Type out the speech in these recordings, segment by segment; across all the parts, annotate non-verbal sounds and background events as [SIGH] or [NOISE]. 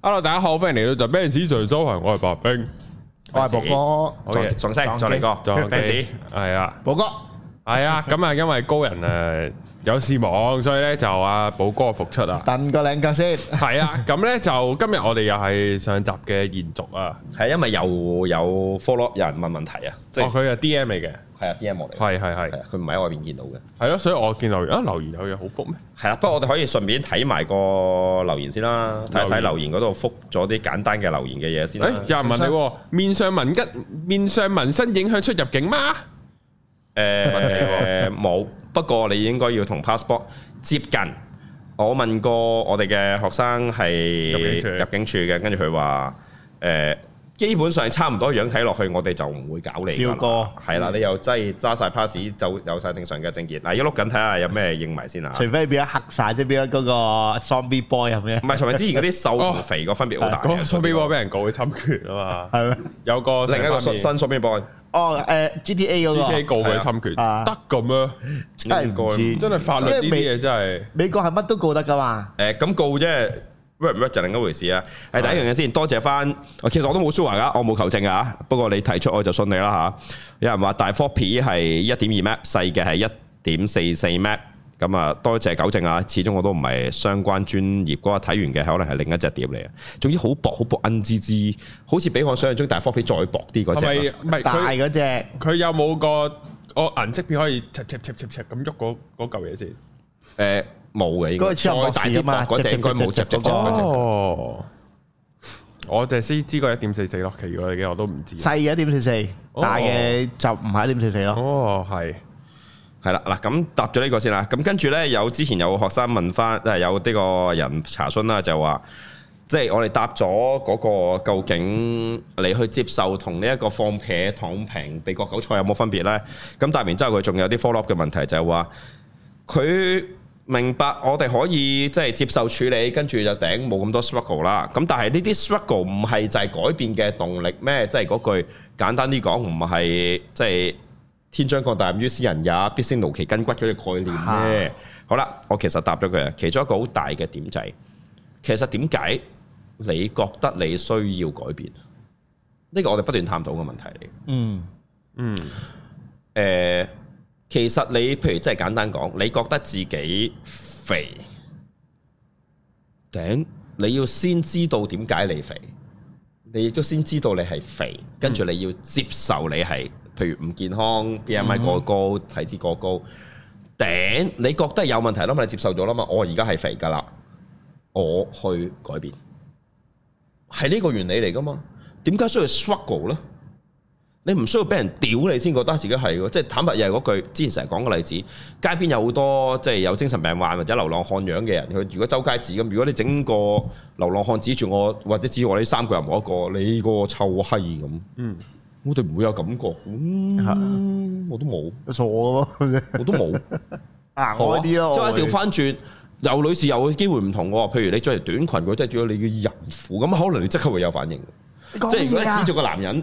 hello，大家好，歡迎嚟到《在 Benz 上修行》，我係白兵，我係寶哥，重新再嚟過，係啊，寶哥係啊，咁啊，因為高人誒有事忙，所以咧就阿寶哥復出啊，等個靚格先，係啊，咁咧就今日我哋又係上集嘅延續啊，係因為又有 follow 有人問問題啊，即係佢係 DM 嚟嘅。係啊，DM 冇嚟。係係係，佢唔係喺外邊見到嘅。係咯，啊，所以我見留言啊，留言有嘢好覆咩？係啦，啊，不過我哋可以順便睇埋個留言先啦，睇睇留言嗰度覆咗啲簡單嘅留言嘅嘢先。誒、欸，有人問你，面上紋吉，面上紋身影響出入境嗎？誒、呃，冇。 [LAUGHS] 不過你應該要同 passport 接近。我問過我哋嘅學生係入境處入境處嘅，跟住佢話誒。呃基本上差唔多樣睇落去，我哋就唔會搞你。超哥，係啦，你又真係揸晒 pass 就有晒正常嘅證件。嗱，一碌緊睇下有咩認埋先啦。除非變咗黑晒，即係變咗嗰個 Zombie Boy 咁樣。唔係，除非之前嗰啲瘦同肥個分別好大。Zombie Boy 俾人告佢侵權啊嘛。係咩？有個另一個新 Zombie Boy。哦，誒，G T A 嗰個。G T A 告佢侵權得咁咩？真係法律啲咩嘢真係美國係乜都告得噶嘛？誒，咁告啫。work 唔 work 就另一回事啊！係第一樣嘢先，多謝翻。其實我都冇說話噶，我冇求證噶。不過你提出，我就信你啦吓。有人話大 floppy 係一點二 map，細嘅係一點四四 map。咁啊，多謝糾正啊！始終我都唔係相關專業，嗰個睇完嘅可能係另一隻碟嚟。總之好薄，好薄，恩滋滋，好似比我想象中大 floppy 再薄啲嗰隻。唔係唔係，大嗰隻。佢有冇個我銀色片可以切切切切切咁喐嗰嚿嘢先？誒。冇嘅，應該再大啲嘛？嗰隻應該冇夾咗。我就先知個一點四四咯，其餘嘅我都唔知。細一點四四，大嘅就唔係一點四四咯。哦，係係啦嗱，咁、哦、答咗、這個、呢個先啦。咁跟住咧，有之前有學生問翻，誒，有呢個人查詢啦，就話，即、就、係、是、我哋答咗嗰、那個，究竟你去接受同呢一個放撇躺平被割韭菜有冇分別咧？咁答完之後佢仲有啲 follow up 嘅問題，就係話佢。明白，我哋可以即係接受處理，跟住就頂冇咁多 struggle 啦。咁但係呢啲 struggle 唔係就係改變嘅動力咩？即係嗰句簡單啲講，唔係即係天將降大任於斯人也，必先勞其筋骨嗰個概念咩？啊、好啦，我其實答咗佢啊。其中一個好大嘅點就係，其實點解你覺得你需要改變？呢個我哋不斷探討嘅問題嚟、嗯。嗯嗯，誒、欸。其實你，譬如即係簡單講，你覺得自己肥，頂你要先知道點解你肥，你亦都先知道你係肥，跟住你要接受你係，譬如唔健康，BMI 過高，體脂過高，高，頂、嗯、你覺得有問題啦嘛，你接受咗啦嘛，我而家係肥噶啦，我去改變，係呢個原理嚟噶嘛，點解需要 struggle 咧？你唔需要俾人屌你先覺得自己係，即係坦白又係嗰句。之前成日講個例子，街邊有好多即係有精神病患或者流浪漢樣嘅人。佢如果周街指咁，如果你整個流浪漢指住我，或者指我呢三個人冇一個，你個臭閪咁。嗯，我哋唔會有感覺。嗯啊、我都冇錯的我都冇行開啲咯。即係調翻轉，有女士有機會唔同。譬如你着條短裙，即係著咗你嘅淫婦，咁可能你即刻會有反應。即係如果指住個男人。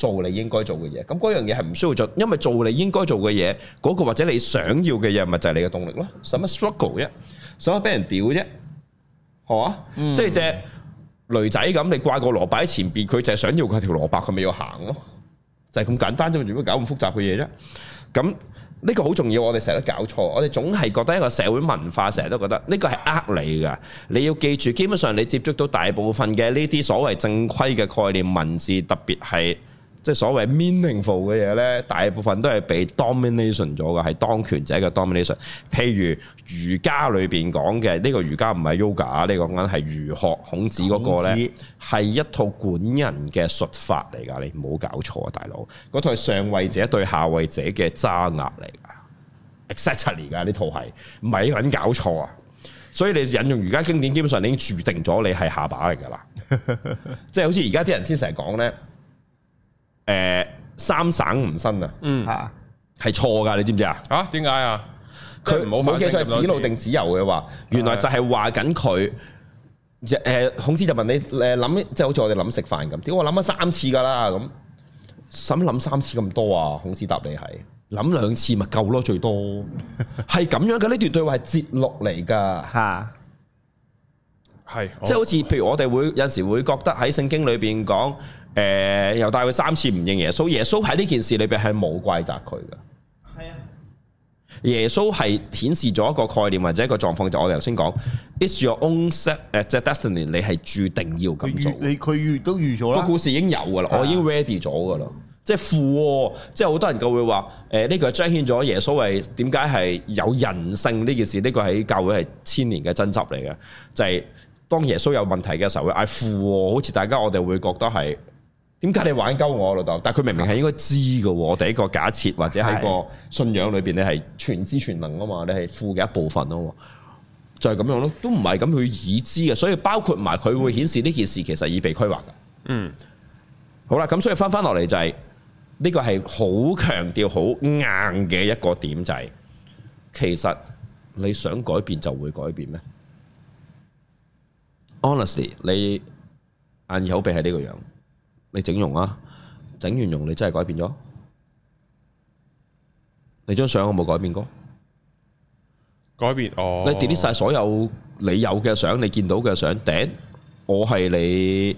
做你應該做嘅嘢，咁嗰樣嘢係唔需要做，因為做你應該做嘅嘢，嗰個或者你想要嘅嘢，咪就係你嘅動力咯。使乜 struggle 啫？使乜俾人屌啫？係嘛？即係隻驢仔咁，你掛個蘿蔔喺前邊，佢就係想要佢條蘿蔔，佢咪要行咯，就係咁簡單啫嘛。做咩搞咁複雜嘅嘢啫？咁呢個好重要，我哋成日都搞錯，我哋總係覺得一個社會文化，成日都覺得呢個係呃你噶。你要記住，基本上你接觸到大部分嘅呢啲所謂正規嘅概念文字，特別係。即係所謂 meaningful 嘅嘢咧，大部分都係被 domination 咗嘅，係當權者嘅 domination。譬如儒家裏邊講嘅呢個儒家唔係 yoga，呢個講緊係儒學孔子嗰個咧，係一套管人嘅術法嚟㗎。你唔好搞錯啊，大佬嗰套係上位者對下位者嘅揸壓嚟㗎，exactly 㗎，呢套係唔係撚搞錯啊？所以你引用儒家經典，基本上你已經註定咗你係下把嚟㗎啦。即係 [LAUGHS] 好似而家啲人先成日講咧。誒，三省吾身啊，係錯噶，你知唔知啊？啊，點解啊？佢冇冇記錯係子路定子游嘅話，是原來就係話緊佢。誒、嗯，孔子就問你，誒諗，即、就、係、是、好似我哋諗食飯咁，點解我諗咗三次噶啦，咁使諗三次咁多啊？孔子答你係諗兩次咪夠咯，最多係咁 [LAUGHS] 樣嘅。呢段對話係節錄嚟噶，吓係， [LAUGHS] 即係好似譬如我哋會有時會覺得喺聖經裏邊講。誒，又帶佢三次唔認耶穌，耶穌喺呢件事裏邊係冇怪責佢嘅。係啊，耶穌係顯示咗一個概念或者一個狀況，就我哋頭先講，it's your own set at t 即係 destiny，你係注定要咁做。你佢都預咗，個故事已經有噶啦，我已經 ready 咗噶啦。即係父，即係好多人就會話，誒、呃，呢、這個彰顯咗耶穌為點解係有人性呢件事？呢、這個喺教會係千年嘅爭執嚟嘅，就係、是、當耶穌有問題嘅時候，誒，父，好似大家我哋會覺得係。點解你玩鳩我老豆？但係佢明明係應該知嘅，啊、我哋一個假設或者喺個信仰裏邊，你係全知全能啊嘛，你係父嘅一部分咯，就係、是、咁樣咯，都唔係咁去已知嘅，所以包括埋佢會顯示呢件事其實已被規劃嘅。嗯，好啦，咁所以翻翻落嚟就係、是、呢、呢個係好強調、好硬嘅一個點，就係、是、其實你想改變就會改變咩？Honestly，你眼耳口鼻係呢個樣。你整容啊？整完容你真係改變咗？你張相我冇改變過，改變哦。你 delete 晒所有你有嘅相，你見到嘅相，頂、嗯！我係你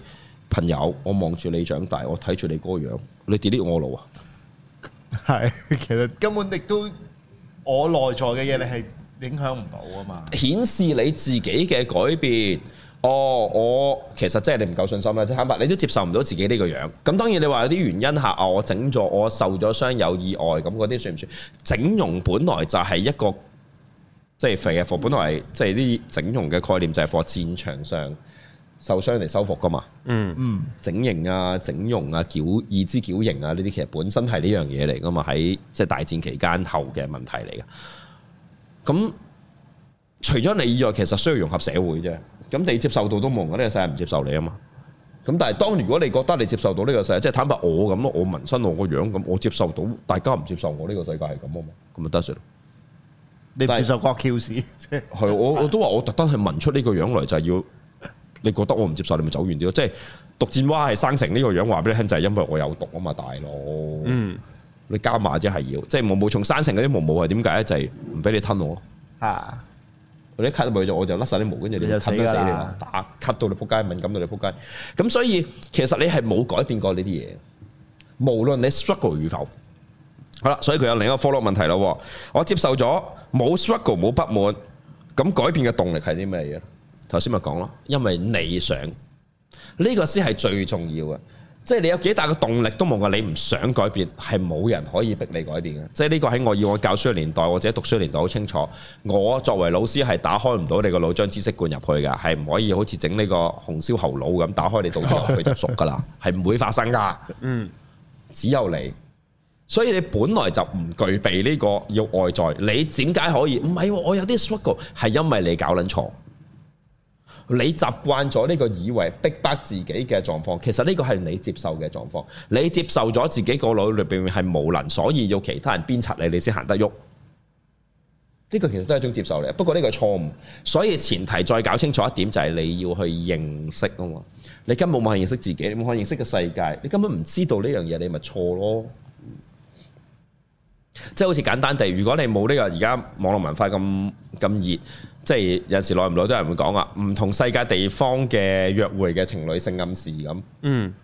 朋友，我望住你長大，我睇住你嗰個樣，你 delete 我腦啊？係，其實根本亦都我內在嘅嘢，你係影響唔到啊嘛。顯示你自己嘅改變。哦，我其實即係你唔夠信心啦，即係坦白，你都接受唔到自己呢個樣。咁當然你話有啲原因吓，啊，我整咗，我受咗傷有意外，咁嗰啲算唔算？整容本來就係一個即係肥嘅貨，本來即係啲整容嘅概念就係喺戰場上受傷嚟修復㗎嘛。嗯嗯，嗯整形啊、整容啊、矯耳之矯形啊，呢啲其實本身係呢樣嘢嚟㗎嘛，喺即係大戰期間後嘅問題嚟㗎。咁除咗你以外，其實需要融合社會啫。咁你接受到都冇，呢個世界唔接受你啊嘛。咁但係當如果你覺得你接受到呢個世界，即係坦白我咁咯，我紋身我個樣咁，我接受到大家唔接受我呢個世界係咁啊嘛。咁咪得嘅。你接受個橋屎即係我我都話我特登係紋出呢個樣嚟就係要你覺得我唔接受你咪走遠啲咯。即係毒箭蛙係生成呢個樣話俾你聽就係因為我有毒啊嘛，大佬。嗯，你加碼即係要即係毛毛蟲生成嗰啲毛毛係點解就係唔俾你吞我啊？我啲卡都冇咗，我就甩晒啲毛，跟住你就死你啦！打 cut 到你仆街，敏感到你仆街，咁所以其實你係冇改變過呢啲嘢，無論你 struggle 與否，好啦，所以佢有另一個 follow 問題咯。我接受咗，冇 struggle，冇不滿，咁改變嘅動力係啲咩嘢？頭先咪講咯，因為你想呢個先係最重要嘅。即係你有幾大個動力都冇，話你唔想改變，係冇人可以逼你改變嘅。即係呢個喺我以往教書嘅年代或者讀書年代好清楚。我作為老師係打開唔到你個腦，將知識灌入去㗎，係唔可以好似整呢個紅燒猴腦咁打開你腦入去就熟㗎啦，係唔 [LAUGHS] 會發生㗎。嗯，只有你，所以你本來就唔具備呢個要外在。你點解可以？唔係、哦、我有啲 struggle，係因為你搞撚錯。你習慣咗呢個以為逼迫自己嘅狀況，其實呢個係你接受嘅狀況。你接受咗自己個腦裏邊係無能，所以要其他人鞭策你，你先行得喐。呢個其實都係一種接受嚟，不過呢個係錯誤。所以前提再搞清楚一點，就係你要去認識啊嘛。你根本冇法認識自己，冇法認識個世界，你根本唔知道呢樣嘢，你咪錯咯。即係好似簡單地，如果你冇呢個而家網絡文化咁咁熱。即係有時耐唔耐，都有人會講啊，唔同世界地方嘅約會嘅情侶性暗示咁。嗯，誒、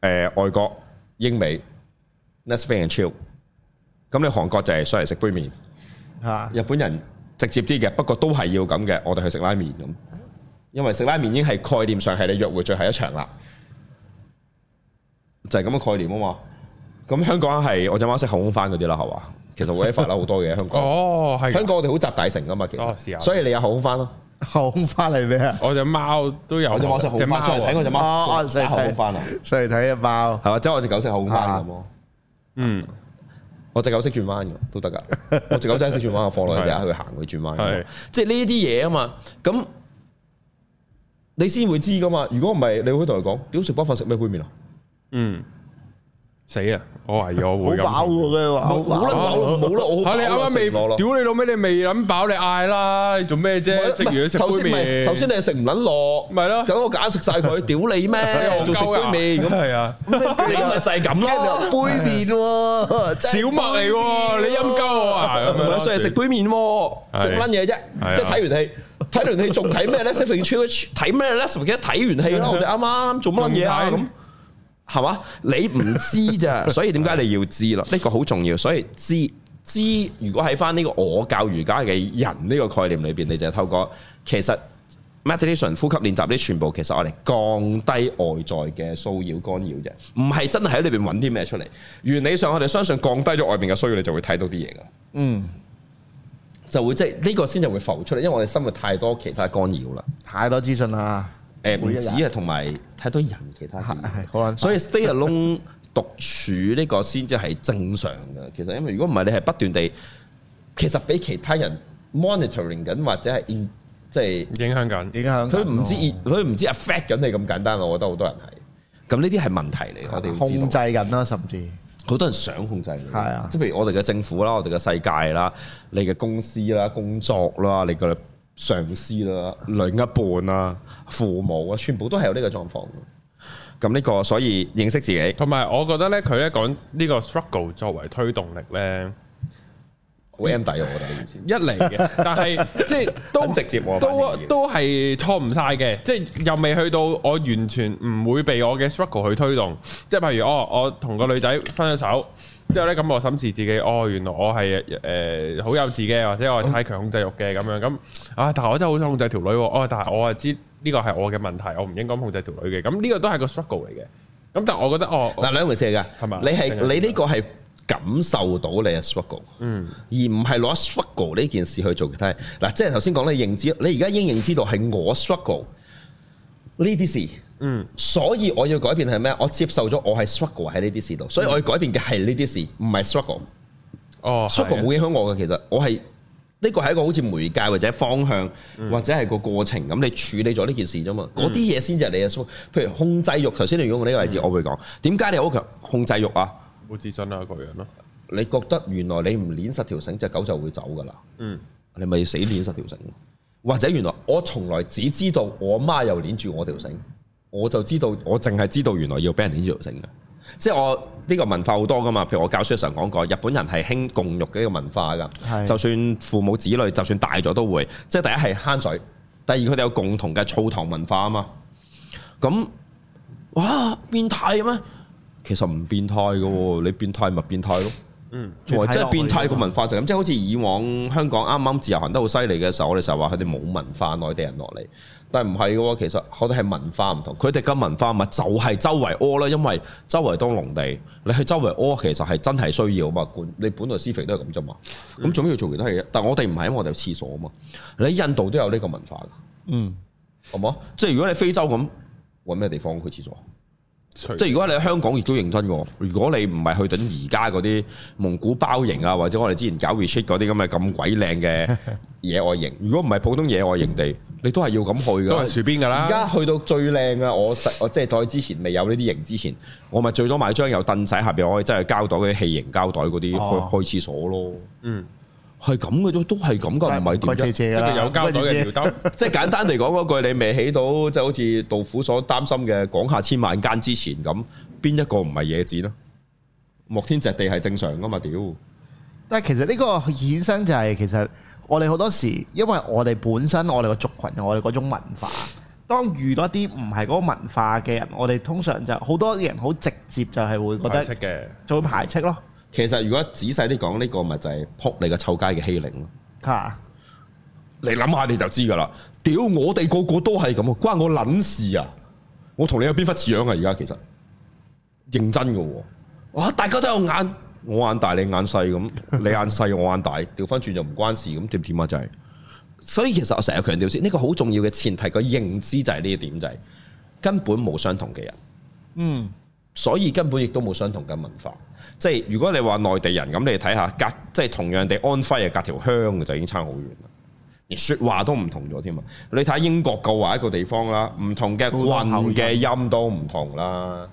呃、外國英美，Netflix and chill。咁 [MUSIC] 你韓國就係上嚟食杯麪。嚇！日本人直接啲嘅，不過都係要咁嘅，我哋去食拉麵咁，因為食拉麵已經係概念上係你約會最後一場啦，就係咁嘅概念啊嘛。咁香港係我隻貓識後空翻嗰啲啦，係嘛？其實我喺法啦好多嘅香港。哦，係。香港我哋好集大成噶嘛，其實。所以你有後空翻咯。後空翻嚟咩啊？我隻貓都有。我隻貓識後空翻。嚟睇我隻貓。哦哦，識後空翻啊！所以睇隻貓。係嘛？即係我隻狗識後空翻咁。嗯，我隻狗識轉彎嘅，都得噶。我隻狗真係識轉彎，我放落去地下去行去轉彎。即係呢啲嘢啊嘛，咁你先會知噶嘛？如果唔係，你可以同佢講：屌食乜飯食咩杯麵啊？嗯。死啊！我懷疑我會咁，冇飽嘅，冇冇啦，冇啦，我吓你啱啱未屌你老尾，你未諗飽，你嗌啦，你做咩啫？食完食杯麵，頭先你係食唔捻落，咪咯，等我揀食晒佢，屌你咩？做食杯麵咁係啊，你咪就係咁咯，杯麵喎，小麥嚟喎，你陰鳩啊，所以食杯麵，食乜嘢啫？即係睇完戲，睇完戲仲睇咩咧？Seven Two H，睇咩咧？Seven，記得睇完戲咯，我哋啱啱做乜嘢咁？係嘛？你唔知咋， [LAUGHS] 所以點解你要知咯？呢 [LAUGHS] 個好重要，所以知知。如果喺翻呢個我教瑜伽嘅人呢個概念裏邊，你就係透過其實 meditation、呼吸練習呢，全部其實我哋降低外在嘅騷擾干擾啫，唔係真係喺裏邊揾啲咩出嚟。原理上，我哋相信降低咗外邊嘅騷擾，你就會睇到啲嘢噶。嗯就，就會即係呢個先就會浮出嚟，因為我哋生活太多其他干擾啦，太多資訊啦。誒唔止啊，同埋太多人其他係可能。 [MUSIC] 所以 stay alone [MUSIC] 獨處呢個先至係正常嘅。其實，因為如果唔係，你係不斷地其實俾其他人 monitoring 緊，或者係即係影響緊、影響佢唔知佢唔、啊、知 affect 緊你咁簡單。我覺得好多人係咁，呢啲係問題嚟。我哋控制緊啦，甚至好多人想控制你。係是啊，即係譬如我哋嘅政府啦，我哋嘅世界啦，你嘅公司啦，工作啦，你嘅。你上司啦、啊，另一半啦、啊，父母啊，全部都係有呢個狀況。咁呢、呢個所以認識自己，同埋我覺得呢，佢呢講呢個 struggle 作為推動力呢，好 under 我覺得 [LAUGHS] 一嚟嘅，但係 [LAUGHS] 即係都直接都，都都係錯唔晒嘅，即係又未去到我完全唔會被我嘅 struggle 去推動。即係譬如我我同個女仔分咗手。 [LAUGHS] 之後咧咁我審視自己，哦，原來我係誒、呃、好幼稚嘅，或者我係太強控制欲嘅咁樣咁啊！但係我真係好想控制條女喎，哦，但係我係知呢個係我嘅問題，我唔應該控制條女嘅，咁呢個都係個 struggle 嚟嘅。咁但係我覺得，哦，嗱兩回事嘅，係嘛吧？你係是你呢個係感受到你嘅 struggle，嗯，而唔係攞 struggle 呢件事去做其他。嗱、啊，即係頭先講你認知，你而家應認知道係我 struggle 呢啲事。嗯，所以我要改變係咩？我接受咗我係 struggle 喺呢啲事度，所以我要改變嘅係呢啲事，唔係 struggle。哦，struggle 冇影響我嘅，其實我係呢個係一個好似媒介或者方向或者係個過程咁，你處理咗呢件事啫嘛。嗰啲嘢先至係你嘅 struggle，譬如控制欲。頭先你如果用呢個例子，我會講點解你好強控制欲啊？好自信啊，個人咯。你覺得原來你唔捻實條繩隻狗就會走噶啦？嗯，你咪死捻實條繩，或者原來我從來只知道我媽又捻住我條繩。我就知道，我淨係知道原來要俾人啲肉食嘅，即係我呢個文化好多噶嘛。譬如我教書嘅時候講過，日本人係興共浴嘅一個文化噶，是就算父母子女就算大咗都會。即係第一係慳水，第二佢哋有共同嘅澡堂文化啊嘛。咁，哇變態咩？其實唔變態嘅喎，你變態咪變態咯。嗯，嗯即係變態個文化就咁，即係好似以往香港啱啱自由行得好犀利嘅時候，我哋成日話佢哋冇文化，內地人落嚟。但唔係嘅喎，其實可能係文化唔同，佢哋嘅文化咪就係周圍屙啦，因為周圍都農地，你去周圍屙其實係真係需要啊嘛。管你本來施肥都係咁啫嘛，咁、嗯、做咩要做其他嘢？但係我哋唔係，我哋有廁所啊嘛。你印度都有呢個文化嘅，嗯，好冇？即係如果你非洲咁揾咩地方去廁所？便即係如果你喺香港，亦都認真嘅。如果你唔係去等而家嗰啲蒙古包營啊，或者我哋之前搞 retreat 嗰啲咁嘅咁鬼靚嘅野外營，如果唔係普通野外營地。你都係要咁去噶，都係樹邊噶啦。而家去到最靚啊！我實我即係再之前未有呢啲型之前，我咪最多買張有凳仔下邊，可以真係膠袋嘅器型膠袋嗰啲、哦、開開廁所咯。嗯，係咁嘅啫，都係咁噶，唔係點啫？有膠袋嘅條兜，即係簡單嚟講嗰句，你未起到，即係好似杜甫所擔心嘅“廣廈千萬間”之前咁，邊一個唔係野子咯？莫天席地係正常噶嘛？屌！但係其實呢個衍生就係其實。我哋好多時，因為我哋本身我哋個族群，我哋嗰種文化，當遇到一啲唔係嗰個文化嘅人，我哋通常就好多啲人好直接，就係會覺得排斥嘅，就會排斥咯。其實如果仔細啲講呢個，咪就係撲你個臭街嘅欺凌咯。吓、啊，你諗下你就知噶啦。屌，我哋個個都係咁啊，關我撚事啊！我同你有邊忽似樣啊？而家其實認真㗎喎。大家都有眼。我眼大你眼細咁，你眼細我眼大，調翻轉又唔關事咁點點啊？就係，所以其實我成日強調先，呢、呢個好重要嘅前提個認知就係呢一點就係、係、根本冇相同嘅人，嗯，所以根本亦都冇相同嘅文化。即係如果你話內地人咁，你睇下隔即係同樣地安徽啊，隔條鄉就已經差好遠啦，連説話都唔同咗添啊！你睇下英國夠話一個地方啦，唔同嘅韻嘅音都唔同啦。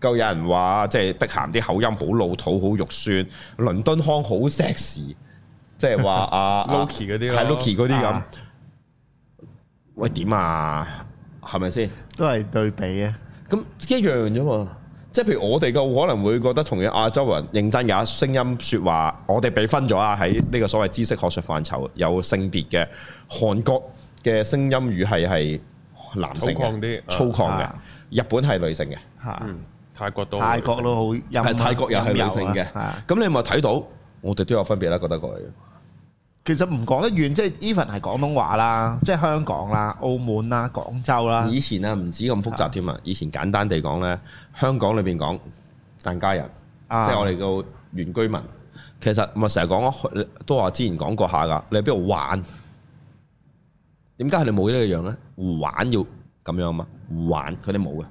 夠有人話，即係碧咸啲口音好老土，好肉酸，倫敦腔好 sexy，即係話阿 Loki 嗰啲，係 Loki 嗰啲咁。喂點啊？係咪先？啊、是是都係對比啊！咁一樣啫嘛。即係譬如我哋嘅，可能會覺得同樣亞洲人認真嘅聲音説話，我哋俾分咗啊！喺呢個所謂知識學術範疇有性別嘅韓國嘅聲音語系係男性啲，粗獷嘅；啊、日本係女性嘅，嚇、嗯。嗯泰國都，泰國都好有，係泰國的有去性嘅。咁你咪睇到，我哋都有分別啦。覺得佢其實唔講得遠，即係 even 係廣東話啦，即係香港啦、澳門啦、廣州啦。以前啊，唔止咁複雜添啊！的以前簡單地講咧，香港裏邊講疍家人，的即係我哋個原居民。其實咪成日講都話之前講過下㗎。你去邊度玩？點解佢哋冇呢個樣咧？玩要咁樣嘛？玩佢哋冇嘅。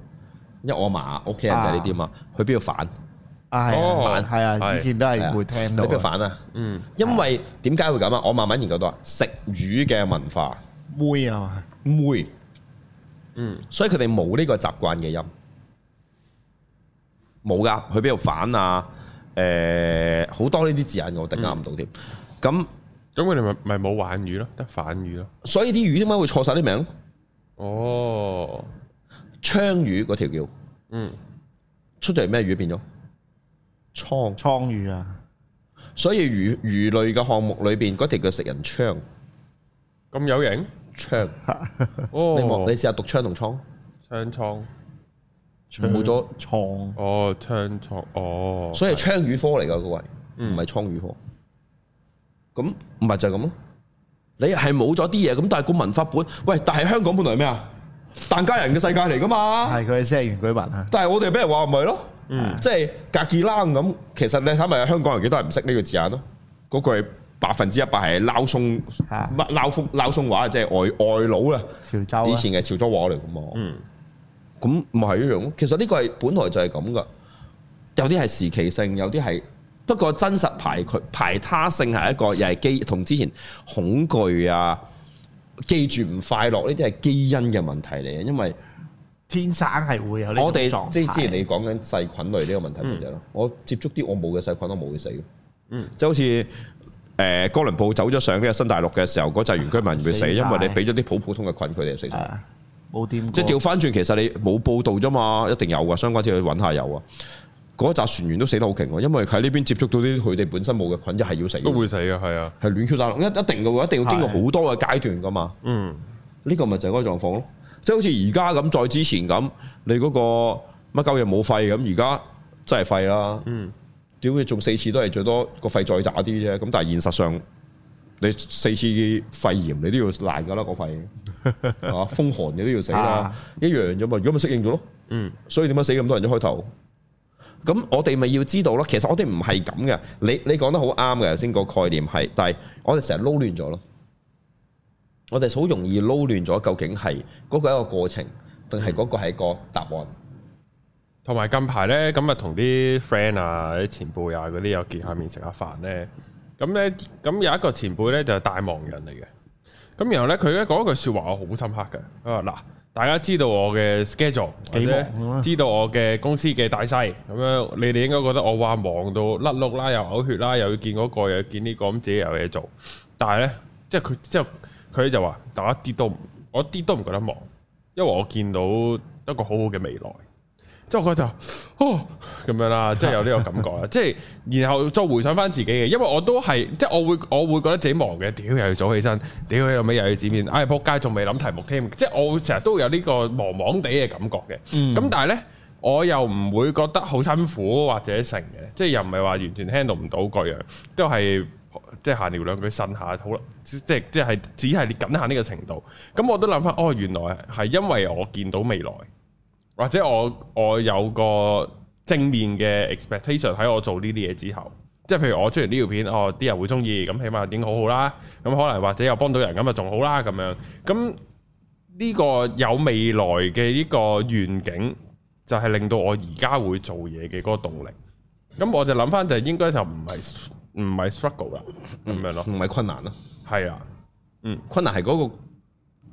因為我嫲屋企人就係呢啲嘛，佢邊度反啊，啊？係、哦、反係啊！以前都係唔會聽到。去邊度反啊？嗯，因為點解是、啊、會咁啊？我慢慢研究到啊，食魚嘅文化，會啊嘛，會，嗯，所以佢哋冇呢個習慣嘅音，冇噶，佢邊度反啊？誒、呃，好多呢啲字眼我定押唔到添。咁咁佢哋咪咪冇玩魚咯，得反魚咯。所以啲魚點解會錯晒啲名？哦。鯧魚嗰條叫，嗯，出咗嚟咩魚變咗？鯧鯧魚啊，所以魚魚類嘅項目裏邊嗰條叫食人鯧，咁有型？鯧哦，你望你試下讀鯧同鯧，鯧鯧，冇咗鯧哦，鯧鯧哦，所以係鯧魚科嚟㗎嗰位，唔係鯧魚科，咁唔係就係咁咯，你係冇咗啲嘢，咁但係個文化本，喂，但係香港本來係咩啊？疍家人嘅世界嚟噶嘛？係佢先係原居民啊！但係我哋俾人話唔係咯，嗯、即係隔幾欄咁。其實你睇咪，香港人幾多人唔識呢個字眼咯？嗰句百分之一百係撈鬆乜撈風撈鬆話，即係外外佬啦，潮州、啊、以前嘅潮州話嚟噶嘛？嗯，咁唔係呢種。其實呢個係本來就係咁噶。有啲係時期性，有啲係不過真實排佢排他性係一個，又係基同之前恐懼啊。記住唔快樂呢啲係基因嘅問題嚟，因為天生係會有呢個狀態。我哋、即係之前你講緊細菌類呢個問題嚟嘅咯。嗯、我接觸啲我冇嘅細菌都冇會死咯。嗯，即係好似誒、呃、哥倫布走咗上呢個新大陸嘅時候，嗰陣原居民會死，死因為你俾咗啲普普通嘅菌佢哋就死晒。冇點、啊？即係調翻轉，其實你冇報道啫嘛，一定有啊。相關資料揾下有啊。嗰一紮船員都死得好勁喎，因為喺呢邊接觸到啲佢哋本身冇嘅菌，一係要死，都會死嘅，係啊，係亂 Q 曬，一一定嘅一定要經過好多嘅階段噶嘛。嗯，呢個咪就係嗰個狀況咯，即係、嗯、好似而家咁，再之前咁，你嗰個乜鳩嘢冇肺咁，而家真係肺啦。嗯，屌你做四次都係最多個肺再炸啲啫，咁但係現實上你四次肺炎你都要爛噶啦個肺，啊 [LAUGHS] 風寒你都要死啦，啊、一樣啫嘛。如果咪適應咗咯，嗯，所以點解死咁多人一開頭？咁我哋咪要知道咯，其實我哋唔係咁嘅，你你講得好啱嘅，頭先個概念係，但係我哋成日撈亂咗咯，我哋好容易撈亂咗，究竟係嗰個一個過程，定係嗰個係個答案？同埋、嗯、近排呢，咁啊同啲 friend 啊、啲前輩啊嗰啲又見下面食下飯呢。咁呢，咁有一個前輩呢，就係、是、大忙人嚟嘅，咁然後呢，佢呢講一句說話我好深刻嘅，佢話嗱。大家知道我嘅 schedule，或者知道我嘅公司嘅大細，咁、啊、樣你哋應該覺得我話忙到甩碌啦，又嘔血啦，又要見嗰、那個，又要見呢、這個，咁自己有嘢做。但係呢，即係佢之後佢就話，我一啲都唔我一啲都唔覺得忙，因為我見到一個好好嘅未來。之係我覺哦咁樣啦，即係有呢個感覺啦。 [LAUGHS] 即係然後再回想翻自己嘅，因為我都係即係我會我會覺得自己忙嘅。屌又要早起身，屌後屘又要剪片。唉，哎、仆街，仲未諗題目添。即係我成日都有呢個忙忙地嘅感覺嘅。咁、嗯、但係呢，我又唔會覺得好辛苦或者成嘅。即係又唔係話完全 handle 唔到各樣，都係即係閒聊兩句，呻下好啦。即係即係只係你緊下呢個程度。咁我都諗翻，哦原來係因為我見到未來。或者我我有個正面嘅 expectation 喺我做呢啲嘢之後，即係譬如我出完呢條片，哦啲人會中意，咁起碼影好好啦。咁可能或者又幫到人就，咁啊仲好啦咁樣。咁呢個有未來嘅呢個願景，就係令到我而家會做嘢嘅嗰個動力。咁我就諗翻就應該就唔係唔係 struggle 啦，嗯，咁樣咯，唔係困難咯，係啊，啊嗯，困難係嗰個。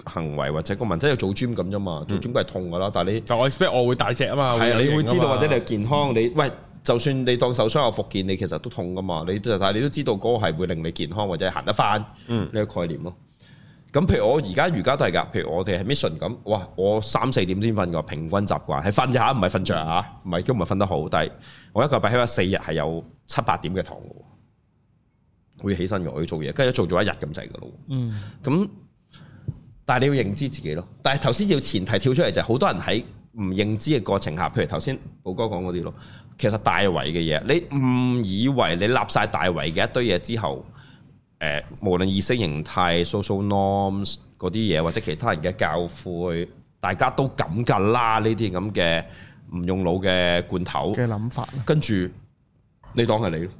行為或者個紋身又做 gym 咁啫嘛，做 gym 都係痛噶啦。但係你、嗯、但我 expect 我會大隻啊嘛，係啊你會知道或者你係健康。嗯、你喂，就算你當受傷又復健，你其實都痛噶嘛。你但係你都知道嗰個係會令你健康或者行得翻呢個概念咯。咁譬如我而家瑜伽都係噶，譬如我哋係 mission 咁哇，我三四點先瞓噶，平均習慣係瞓下唔係瞓着啊，唔係都唔係瞓得好低。我一個禮拜起碼四日係有七八點嘅堂嘅，會起身嘅我要做嘢，跟住做咗一日咁滯噶咯。嗯，咁。但係你要認知自己咯。但係頭先要前提跳出嚟就係、是、好多人喺唔認知嘅過程下，譬如頭先寶哥講嗰啲咯。其實大圍嘅嘢，你誤以為你立晒大圍嘅一堆嘢之後，誒、呃、無論意識形態、social norms 嗰啲嘢，或者其他人嘅教誨，大家都咁㗎啦。呢啲咁嘅唔用腦嘅罐頭嘅諗法，跟住你當係你咯。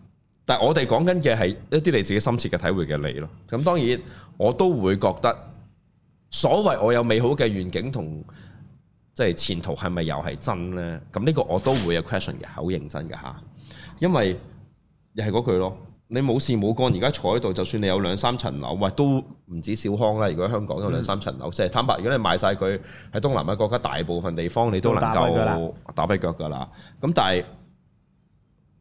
但係我哋講緊嘅係一啲你自己深切嘅體會嘅你咯。咁當然我都會覺得。所謂我有美好嘅願景同即係前途係咪又係真呢？咁呢個我都會有 question 嘅，好認真㗎吓。因為又係嗰句咯，你冇事冇幹，而家坐喺度，就算你有兩三層樓，喂都唔止小康啦。如果香港有兩三層樓，即係、嗯、坦白，如果你賣晒佢喺東南亞國家大部分地方，你都能夠打跛腳噶啦。咁但係。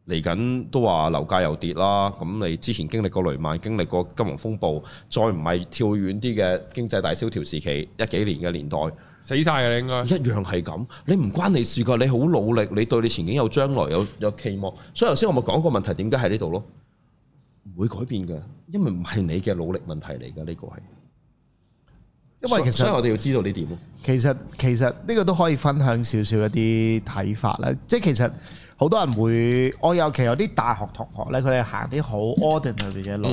嚟緊都話樓價又跌啦，咁你之前經歷過雷曼，經歷過金融風暴，再唔係跳遠啲嘅經濟大蕭條時期一幾年嘅年代，死晒嘅你應該一樣係咁，你唔關你的事噶，你好努力，你對你前景有將來有有期望，所以頭先我咪講個問題點解喺呢度咯，唔會改變噶，因為唔係你嘅努力問題嚟噶，呢、呢個係，因為其實我哋要知道啲點。其實其實呢個都可以分享少少一啲睇法啦，即係其實。好多人會，我尤其有啲大學同學咧，佢哋行啲好 ordinary 嘅路，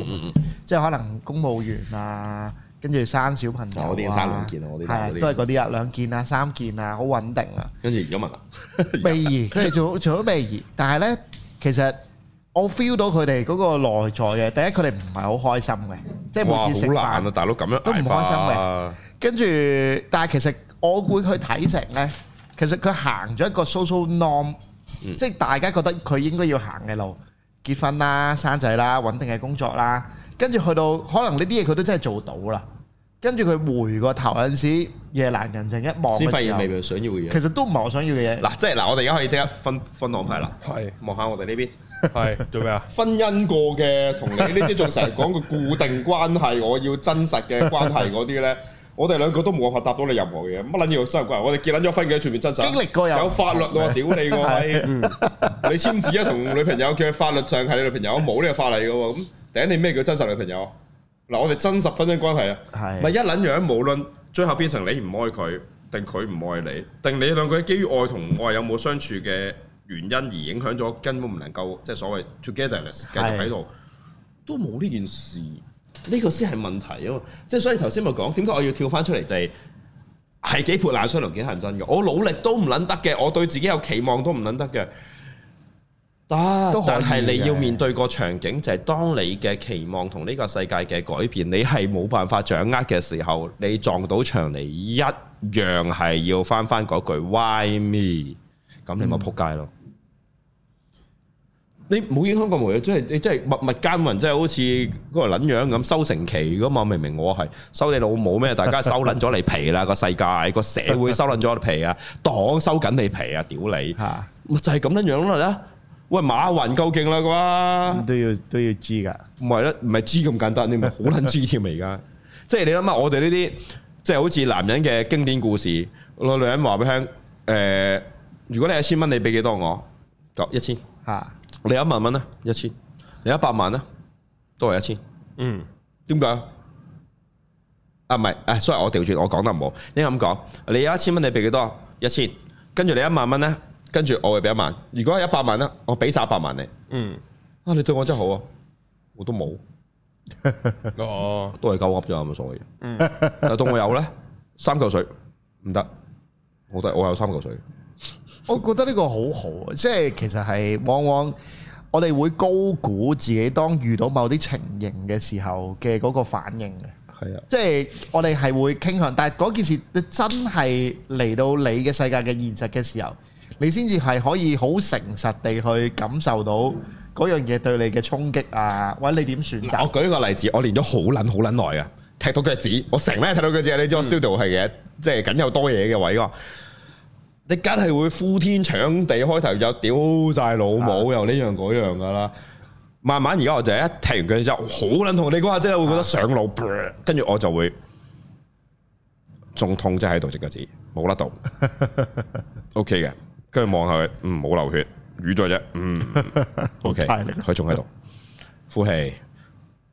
即係可能公務員啊，跟住生小朋友啊，我啲已經生兩件啦，我啲都係嗰啲啊，兩件啊，三件啊，好穩定啊。跟住而家問啊，未移佢哋做做咗未移，但係咧其實我 feel 到佢哋嗰個內在嘅，第一佢哋唔係好開心嘅，即係每次食飯啊，大佬咁樣都唔開心嘅。跟住，但係其實我會去睇成咧，其實佢行咗一個 social norm。即係大家覺得佢應該要行嘅路，結婚啦、生仔啦、穩定嘅工作啦，跟住去到可能呢啲嘢佢都真係做到啦，跟住佢回個頭嗰陣時，夜闌人靜一望嘅時候，先發現未嚟想要嘅嘢，其實都唔係我想要嘅嘢。嗱，即係嗱，我哋而家可以即刻分分兩派啦，係，望下我哋呢邊係做咩啊？婚姻過嘅同你呢啲仲成日講個固定關係，我要真實嘅關係嗰啲咧。我哋兩個都冇辦法答到你任何嘢，乜捻嘢真唔關。我哋結捻咗婚嘅，全面真實。經歷過有，有法律喎，屌對你個鬼！你簽字一同女朋友，嘅法律上係你女朋友，冇呢個法例嘅。咁第一，你咩叫真實女朋友？嗱，我哋真實婚姻關係啊，係咪是的 一捻樣？無論最後變成你唔愛佢，定佢唔愛你，定你兩個基於愛同愛有冇相處嘅原因而影響咗，根本唔能夠即係所謂 togetherness，繼續喺度的都冇呢件事。呢個先係問題啊嘛！即係所以頭先咪講，點解我要跳翻出嚟、就是？就係係幾潑冷水同幾恨真嘅，我努力都唔撚得嘅，我對自己有期望都唔撚得嘅。但係你要面對個場景，就係、是、當你嘅期望同呢個世界嘅改變，你係冇辦法掌握嘅時候，你撞到牆嚟一樣係要翻翻嗰句 Why me？咁你咪仆街咯！嗯你冇影響好個冇嘢，即係你即係默默耕耘，即係好似嗰個撚樣咁收成期噶嘛？明明我係收你老母咩？大家收撚咗你皮啦，個世界個社會收撚咗你哋皮啊，黨收緊你皮啊，屌你！嚇，咪就係咁樣樣咯啦。喂，馬雲夠勁啦啩？都要都要知噶，唔係咯，唔係知咁簡單，你咪 [LAUGHS] 好撚知添啊！而家即係你諗下，我哋呢啲即係好似男人嘅經典故事，個女人話俾佢聽：誒，如果你一千蚊，你俾幾多我？就一千嚇。 [LAUGHS] 你有一萬蚊、嗯、啊，一千、啊，你有一百萬啊，都係一千，嗯，點解？啊，唔係，誒，sorry，我調轉，我講得唔好，應該，你咁講，你有一千蚊，你俾幾多？一千，跟住你一萬蚊咧，跟住我會俾一萬。如果係一百萬咧，我俾晒一百萬你，嗯，啊，你對我真好啊，我都冇，哦， [LAUGHS] 都係鳩噏咋，冇所謂嘢，但當我有呢？ [LAUGHS] 三嚿水唔得，我都我有三嚿水。我覺得呢個好好啊，即係其實係往往我哋會高估自己當遇到某啲情形嘅時候嘅嗰個反應嘅，係啊的，即係我哋係會傾向，但係嗰件事你真係嚟到你嘅世界嘅現實嘅時候，你先至係可以好誠實地去感受到嗰樣嘢對你嘅衝擊啊！或者你點選擇？我舉一個例子，我練咗好撚好撚耐啊，踢到腳趾，我成日踢到腳趾。你知我 s t 係嘅，即係僅有多嘢嘅位你梗係會呼天搶地，開頭又屌晒老母，啊、又呢樣嗰樣噶啦。慢慢而家我就一停佢之後，好撚痛！你下，真係會覺得上腦，跟住我就會仲痛，即係喺度隻腳趾冇甩到。O K 嘅，跟住望下佢，唔、嗯、好流血，瘀咗啫。嗯，O K，佢仲喺度呼氣，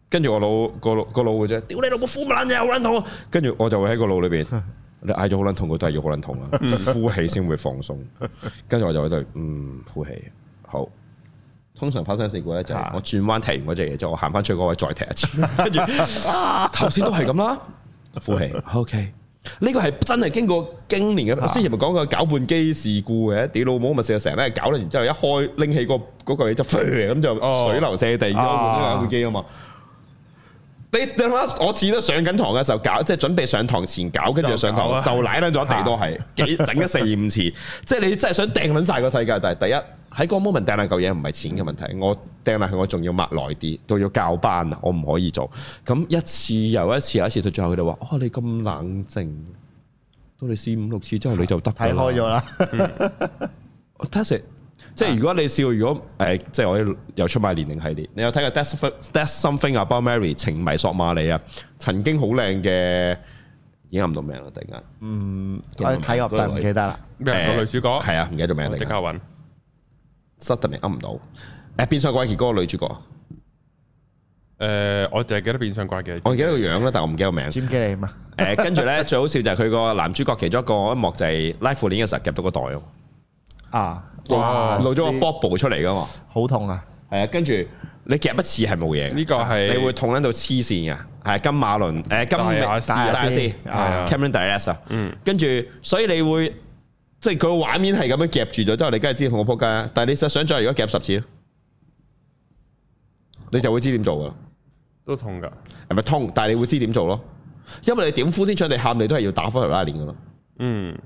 跟住我腦個腦個腦嘅啫，屌你老母，呼冇撚嘢，好撚痛！跟、那、住、個那個那個那個、我就會喺個腦裏邊。你嗌咗好撚痛，佢都係要好撚痛啊！呼氣先會放鬆，跟住我就喺度，嗯，呼氣，好。通常發生事故咧，就我轉彎停嗰隻嘢之後，我行翻出嗰位，再踢一次，跟住啊，頭先都係咁啦，呼氣。OK，呢個係真係經過經年嘅。我之前咪講過攪拌機事故嘅，屌老母咪成日成日搞咧，然之後一開拎起個嗰嚿嘢就咁就水流射地咗，攪拌機啊嘛～啊 Last, 我次次都上緊堂嘅時候搞，即係準備上堂前搞，跟住上堂就舐喺度一地都係，幾整咗四五次。 [LAUGHS] 即係你真係想掟捻晒個世界，但係第一喺嗰 moment 掟爛嚿嘢，唔係錢嘅問題，我掟爛佢我仲要抹耐啲，都要教班啊，我唔可以做。咁一,一次又一次，一次到最後佢就話，哦，你咁冷靜，到你四五六次之後你就得睇開咗啦。 [LAUGHS] 即係如果你笑，如果誒，即係我又出賣年齡系列，你有睇過 That's Something About Mary 情迷索瑪莉啊，曾經好靚嘅，已經諗唔到名啦，突然間。嗯，我睇過但係唔記得啦。咩女主角係啊？唔記得咗名？我即刻揾 Suddenly 諗唔到，誒變相怪奇嗰個女主角。誒，我淨係記得變相怪奇，我記得個樣啦，但我唔記得個名。詹記嚟嘛？誒，跟住咧最好笑就係佢個男主角其中一個一幕就係拉褲鏈嘅時候夾到個袋哦。啊！哇！露咗個波部出嚟噶嘛，好痛啊！係啊，跟住你夾一次係冇嘢，呢個係你會痛喺度黐線嘅，係金馬倫誒，金大師，等下先，Cameron Dallas，嗯，跟住所以你會即係佢畫面係咁樣夾住咗之後，你梗係知同我扑街。但係你實想再如果夾十次咧，你就會知點做噶啦，都痛噶，係咪痛？但係你會知點做咯，因為你點呼天搶地喊你都係要打翻嚟拉鏈噶咯。嗯，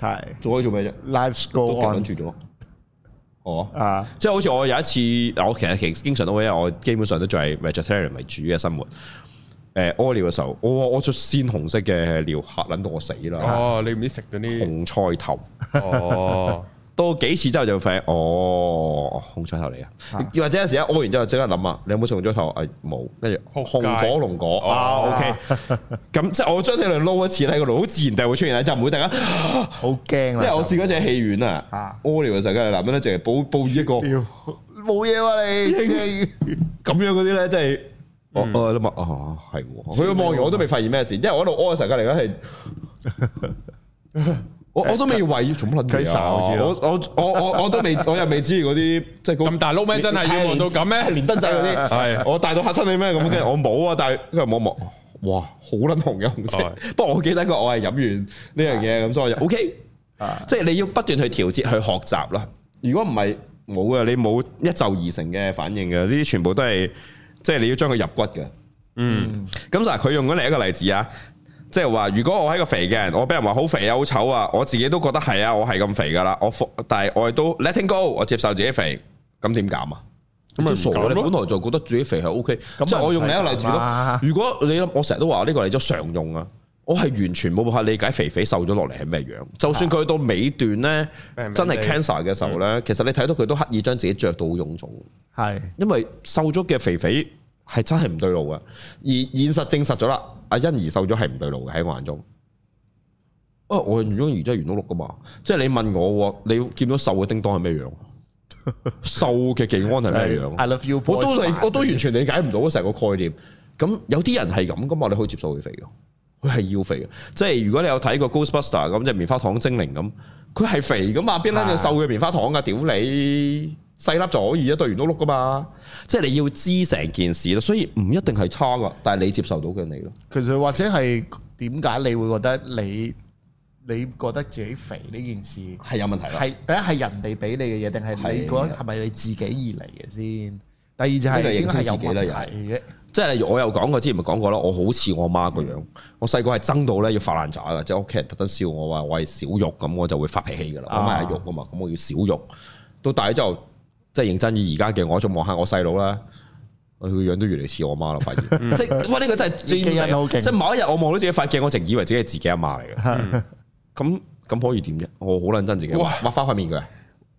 係做可以做咩啫？Lives go on 夾住咗。哦，oh, 啊，即係好似我有一次，我其實其實經常都會因為我基本上都做係 vegetarian 為主嘅生活，誒、呃，屙尿嘅時候，我、哦、我出鮮紅色嘅尿，嚇撚到我死啦！哦，你唔知食咗啲紅菜頭。 [LAUGHS] 哦到幾次之後就會發現哦，紅菜頭嚟啊！或者有陣時屙完之後即刻諗啊，你有冇送咗菜頭？哎，冇、啊，跟住紅火龍果，OK，咁即係我張天亮撈一次喺個腦，好自然地會出現啦，就唔會突然間好驚。因為我試嗰陣喺戲院啊，屙尿嘅時候跟住男人，淨係煲煲住一個，冇嘢哇你，咁樣嗰啲咧，真係哦，你話、uh, 啊係？佢望完我都未發現咩事，因為我一度屙嘅時候嚟講係。我我都未要喂，做乜捻嘢我我我我我都未，我又未知嗰啲即係咁大碌咩？真係要望到咁咩？係蓮登仔嗰啲係，我大到吓親你咩咁嘅？我冇啊，但係佢望冇。哇，好捻紅嘅紅色。不過、哦、我記得我、這個我係飲完呢樣嘢咁，哦、所以又 O K 啊。即、okay? 係、哦、你要不斷去調節去學習啦。如果唔係冇啊，你冇一就而成嘅反應嘅。呢啲全部都係即係你要將佢入骨嘅。嗯，咁就係佢用緊另一個例子啊。即係話，如果我係一個肥嘅人，我俾人話好肥啊、好醜啊，我自己都覺得係啊，我係咁肥噶啦，我服。但係我亦都 letting go，我接受自己肥，咁點減啊？咁啊傻咗，你本來就覺得自己肥係 O K。咁即係我用另一個例子咯。如果你諗，我成日都話呢個係咗常用啊。我係完全冇辦法理解肥肥瘦咗落嚟係咩樣。就算佢到尾段呢，的真係 cancer 嘅時候呢，的其實你睇到佢都刻意將自己着到好臃腫。係的，因為瘦咗嘅肥肥。係真係唔對路嘅，而現實證實咗啦。阿欣兒瘦咗係唔對路嘅，喺我眼中。哦、啊，我眼中真係圓碌碌噶嘛，即係你問我，你見到瘦嘅叮當係咩樣？瘦嘅技安係咩樣？I love you。 [LAUGHS] 就是、我都係，我都完全理解唔到成個概念。咁 [LAUGHS] 有啲人係咁噶嘛，你可以接受佢肥嘅，佢係要肥嘅。即係如果你有睇過《Ghostbuster》咁，即係棉花糖精靈咁，佢係肥噶嘛，邊有瘦嘅棉花糖噶、啊？屌你！細粒就可以一對圓碌碌噶嘛，即係你要知成件事咯，所以唔一定係差噶，但係你接受到嘅你咯。其實或者係點解你會覺得你你覺得自己肥呢件事係有問題啦？係第一係人哋俾你嘅嘢，定係你覺得係咪你自己而嚟嘅先？第二就係應該係自己啦。即係我又講過之前咪講過啦，我好似我阿媽個樣，我細個係憎到咧要發爛渣噶，即係屋企人特登笑我話我係小玉」咁，我就會發脾氣噶啦。我係阿玉啊嘛，咁我要小玉。到大之後。即係認真以而家嘅我，再望下我細佬啦，佢個樣都越嚟似我媽啦。發現，即係哇！呢個真係真人好勁。即係某一日我望到自己發鏡，我仲以為自己係自己阿媽嚟嘅。咁咁、 [LAUGHS] 嗯、可以點啫？我好認真自己。哇！畫翻塊面佢。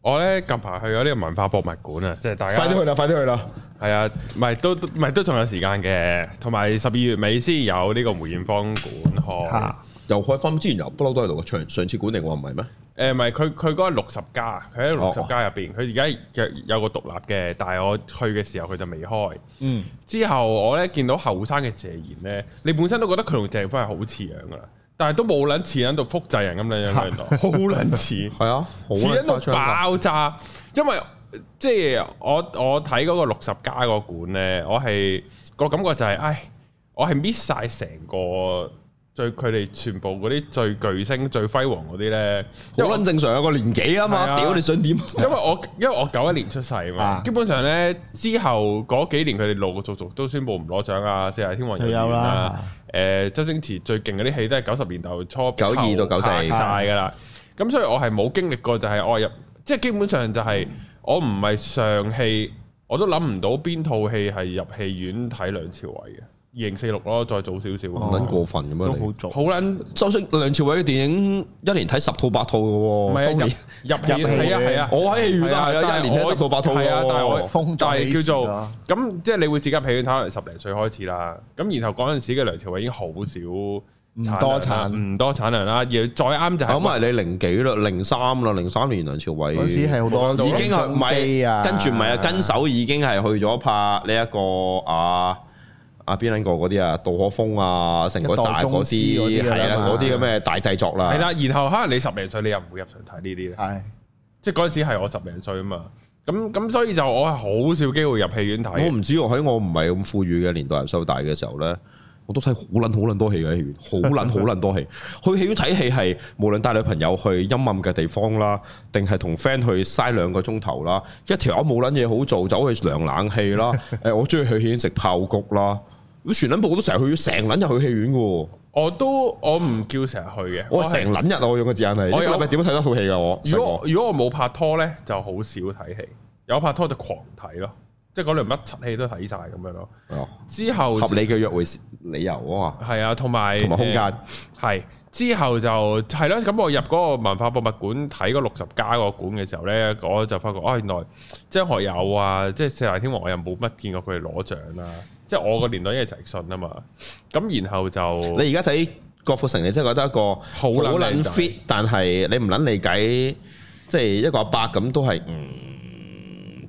我咧近排去咗呢個文化博物館啊，即係大家快啲去啦，快啲去啦。係啊，唔係都唔係都仲有時間嘅。同埋十二月尾先有呢個梅艷芳館開。 [LAUGHS] 又開翻，之前又不嬲都喺度嘅。上次管定我唔係咩？誒，唔係佢，佢嗰個六十家，佢喺六十家入邊，佢而家有個獨立嘅。但係我去嘅時候佢就未開。嗯，之後我咧見到後生嘅謝賢咧，你本身都覺得佢同鄭輝係好似樣噶啦，但係都冇撚似喺度複製人咁樣，樣好撚似係啊！好似喺度爆炸，嗯、因為即係我我睇嗰個六十家個館咧，我係個感覺就係，唉，我係 miss 曬成個。最佢哋全部嗰啲最巨星最輝煌嗰啲咧，好正常有個年紀啊嘛！屌、啊、你想點？因為我因為我九一年出世嘛， [LAUGHS] 基本上呢之後嗰幾年佢哋陸陸續續都宣布唔攞獎啊，四大天王有、啊、有啦，誒、呃、周星馳最勁嗰啲戲都係九十年代初九二到九四曬噶啦。咁 [LAUGHS] 所以我係冇經歷過就係我入，即、就、係、是、基本上就係我唔係上戲，我都諗唔到邊套戲係入戲院睇梁朝偉嘅。二零四六咯，再早少少，撚過分咁樣嚟，好做，好撚。相信梁朝偉嘅電影一年睇十套八套嘅喎，唔係入入戲啊！我喺戲院啊，但係一年睇十套八套。係啊，但係我但係叫做咁，即係你會自己睇佢睇，十零歲開始啦。咁然後嗰陣時嘅梁朝偉已經好少，唔多產，唔多產量啦。而再啱就係諗埋你零幾咯，零三啦，零三年梁朝偉嗰時係好多，已經係咪跟住唔係啊跟手已經係去咗拍呢一個啊。啊！邊撚個嗰啲啊？杜可風啊，成個寨嗰啲，係啊，嗰啲咁嘅大製作啦，啊。係啦，然後可能你十零歲，你又唔會入場睇呢啲咧。係的，即係嗰陣時係我十零歲啊嘛。咁咁，所以就我係好少機會入戲院睇。我唔知喎，喺我唔係咁富裕嘅年代入收大嘅時候咧，我都睇好撚好撚多戲嘅戲院，好撚好撚多戲。 [LAUGHS] 去戲院睇戲係無論帶女朋友去陰暗嘅地方啦，定係同 friend 去嘥兩個鐘頭啦。一條我冇撚嘢好做量，走去涼冷氣啦。誒，我中意去戲院食爆谷啦。我全撚部都成日去，要成撚日去戲院嘅。我都我唔叫成日去嘅，我果成撚日我用嘅字眼係，我呢個禮拜點都睇到套戲嘅我。如果如果我冇拍拖咧，就好少睇戲；有拍拖就狂睇咯，即係嗰兩日乜柒戲都睇晒咁樣咯。哦、之後合理嘅約會理由啊嘛，係啊，同埋同埋空間係。之後就係咯，咁、啊、我入嗰個文化博物館睇嗰六十家個館嘅時候咧，我就發覺哦、哎，原來張學友啊，即係四大天王，我又冇乜見過佢哋攞獎啦。即係我個年代，因為就係信啊嘛，咁然後就你而家睇郭富城，你真係覺得一個好捻 fit，但係你唔捻理解，即係一個阿伯咁都係，嗯，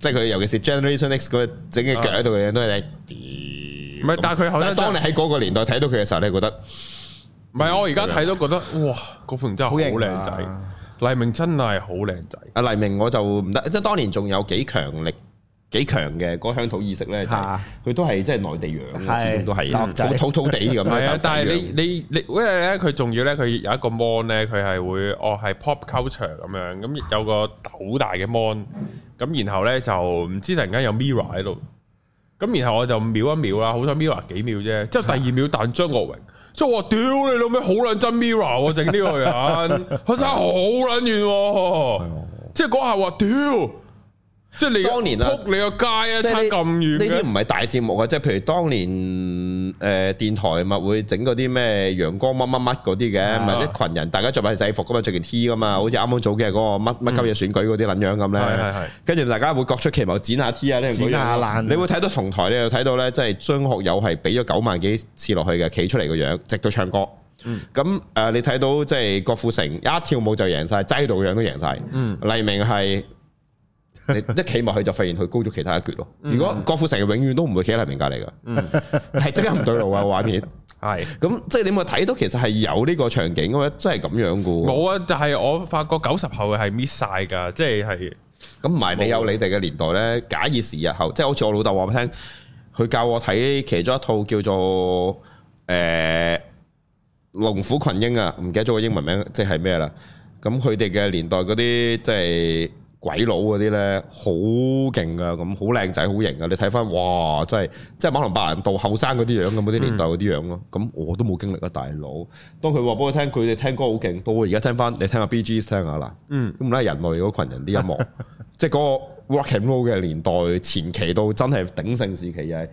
即係佢尤其是 Generation X 嗰整嘅腳喺度嘅嘢都係你。唔係、啊嗯，但係佢。但係當你喺嗰個年代睇到佢嘅時候你覺得唔係、嗯，我而家睇都覺得哇，郭富城真係好靚仔，明啊、黎明真係好靚仔。啊，黎明我就唔得，即係當年仲有幾強力。幾強嘅個鄉土意識咧，佢、啊、都係即係內地養，始終、啊、都係土土土地咁樣。但係你你你，因為咧佢仲要咧，佢有一個 mon 咧，佢係會哦係 pop culture 咁樣，咁、嗯、有個好大嘅 mon，咁然後咧就唔知突然間有 mirror 喺度，咁然後我就秒一秒啦，好想 mirror 幾秒啫，之後第二秒彈張國榮，即係我屌你老味，好撚真 mirror，整呢個嘢，佢真係好撚遠，即係嗰下話屌。即係你，當年啊，扑你個街啊，差咁遠，呢啲唔係大節目啊，即係譬如當年誒電台咪會整嗰啲咩陽光乜乜乜嗰啲嘅，咪 [MUSIC] 一群人大家着埋制服噶嘛，着件 T 噶嘛，好似啱啱早嘅嗰個乜乜今日選舉嗰啲咁樣咁咧。跟住大家會各出奇謀，剪下 T 啊，剪下爛。你會睇到同台，你又睇到咧，即係張學友係俾咗九萬幾次落去嘅，企出嚟個樣，直到唱歌。嗯，嗯。咁誒，你睇到即係郭富城一跳舞就贏晒，齋度樣都贏晒。黎明係。 [MUSIC] [MUSIC] 你一企埋去就發現佢高咗其他一橛咯。嗯、如果郭富城永遠都唔會企喺黎明隔籬噶，係即、嗯、刻唔對路啊！畫 [LAUGHS] 面係咁，是即係你咪睇到其實係有呢個場景啊，即係咁樣噶。冇啊！但係我發覺九十後係 miss 晒噶，即係係咁。唔係你有你哋嘅年代咧，假以時日後，即係好似我老豆話我聽，佢教我睇其中一套叫做誒《龍、呃、虎群英》啊，唔記得咗個英文名，即係咩啦？咁佢哋嘅年代嗰啲即係。鬼佬嗰啲咧好勁噶，咁好靚仔，好型噶。你睇翻，哇！真係，真係，即係馬龍白蘭度後生嗰啲樣咁嗰啲年代嗰啲樣咯。咁我都冇經歷啊，大佬。當佢話畀我聽，佢哋聽歌好勁多。而家聽翻，你聽，B 聽下 B G 聽下啦。嗯。咁咪係人類嗰羣人啲音樂， [LAUGHS] 即係嗰個 Rock and Roll 嘅年代前期到真係鼎盛時期嘅。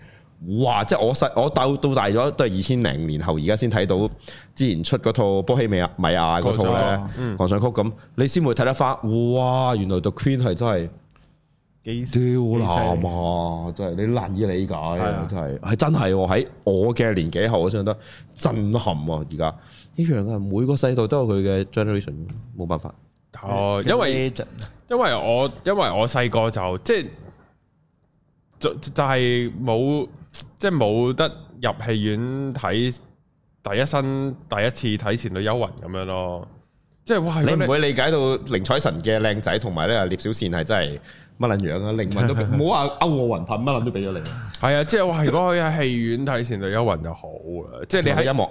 哇！即係我細我到到大咗都係二千零年後，而家先睇到之前出嗰套《波希米亞》嗰、啊、套咧《狂想、嗯、曲》咁，你先會睇得返。哇！原來 The Queen 係真係幾屌啊！十真係你難以理解，啊、真係係真係喺我嘅年紀後，我想覺得震撼啊！而家呢樣嘅，每個世代都有佢嘅 generation，冇辦法。哦，因為因為我因為我細個就即係就就係冇。即係冇得入戲院睇第一身，第一次睇倩女幽魂咁樣咯，即係哇！你唔會理解到寧采臣嘅靚仔同埋咧聶小倩係真係乜捻樣啊，靈魂都唔好話勾我雲吞乜捻都俾咗你。係啊，即係哇！如果去喺戲院睇倩女幽魂就好啊， [LAUGHS] 即係你喺音樂樂。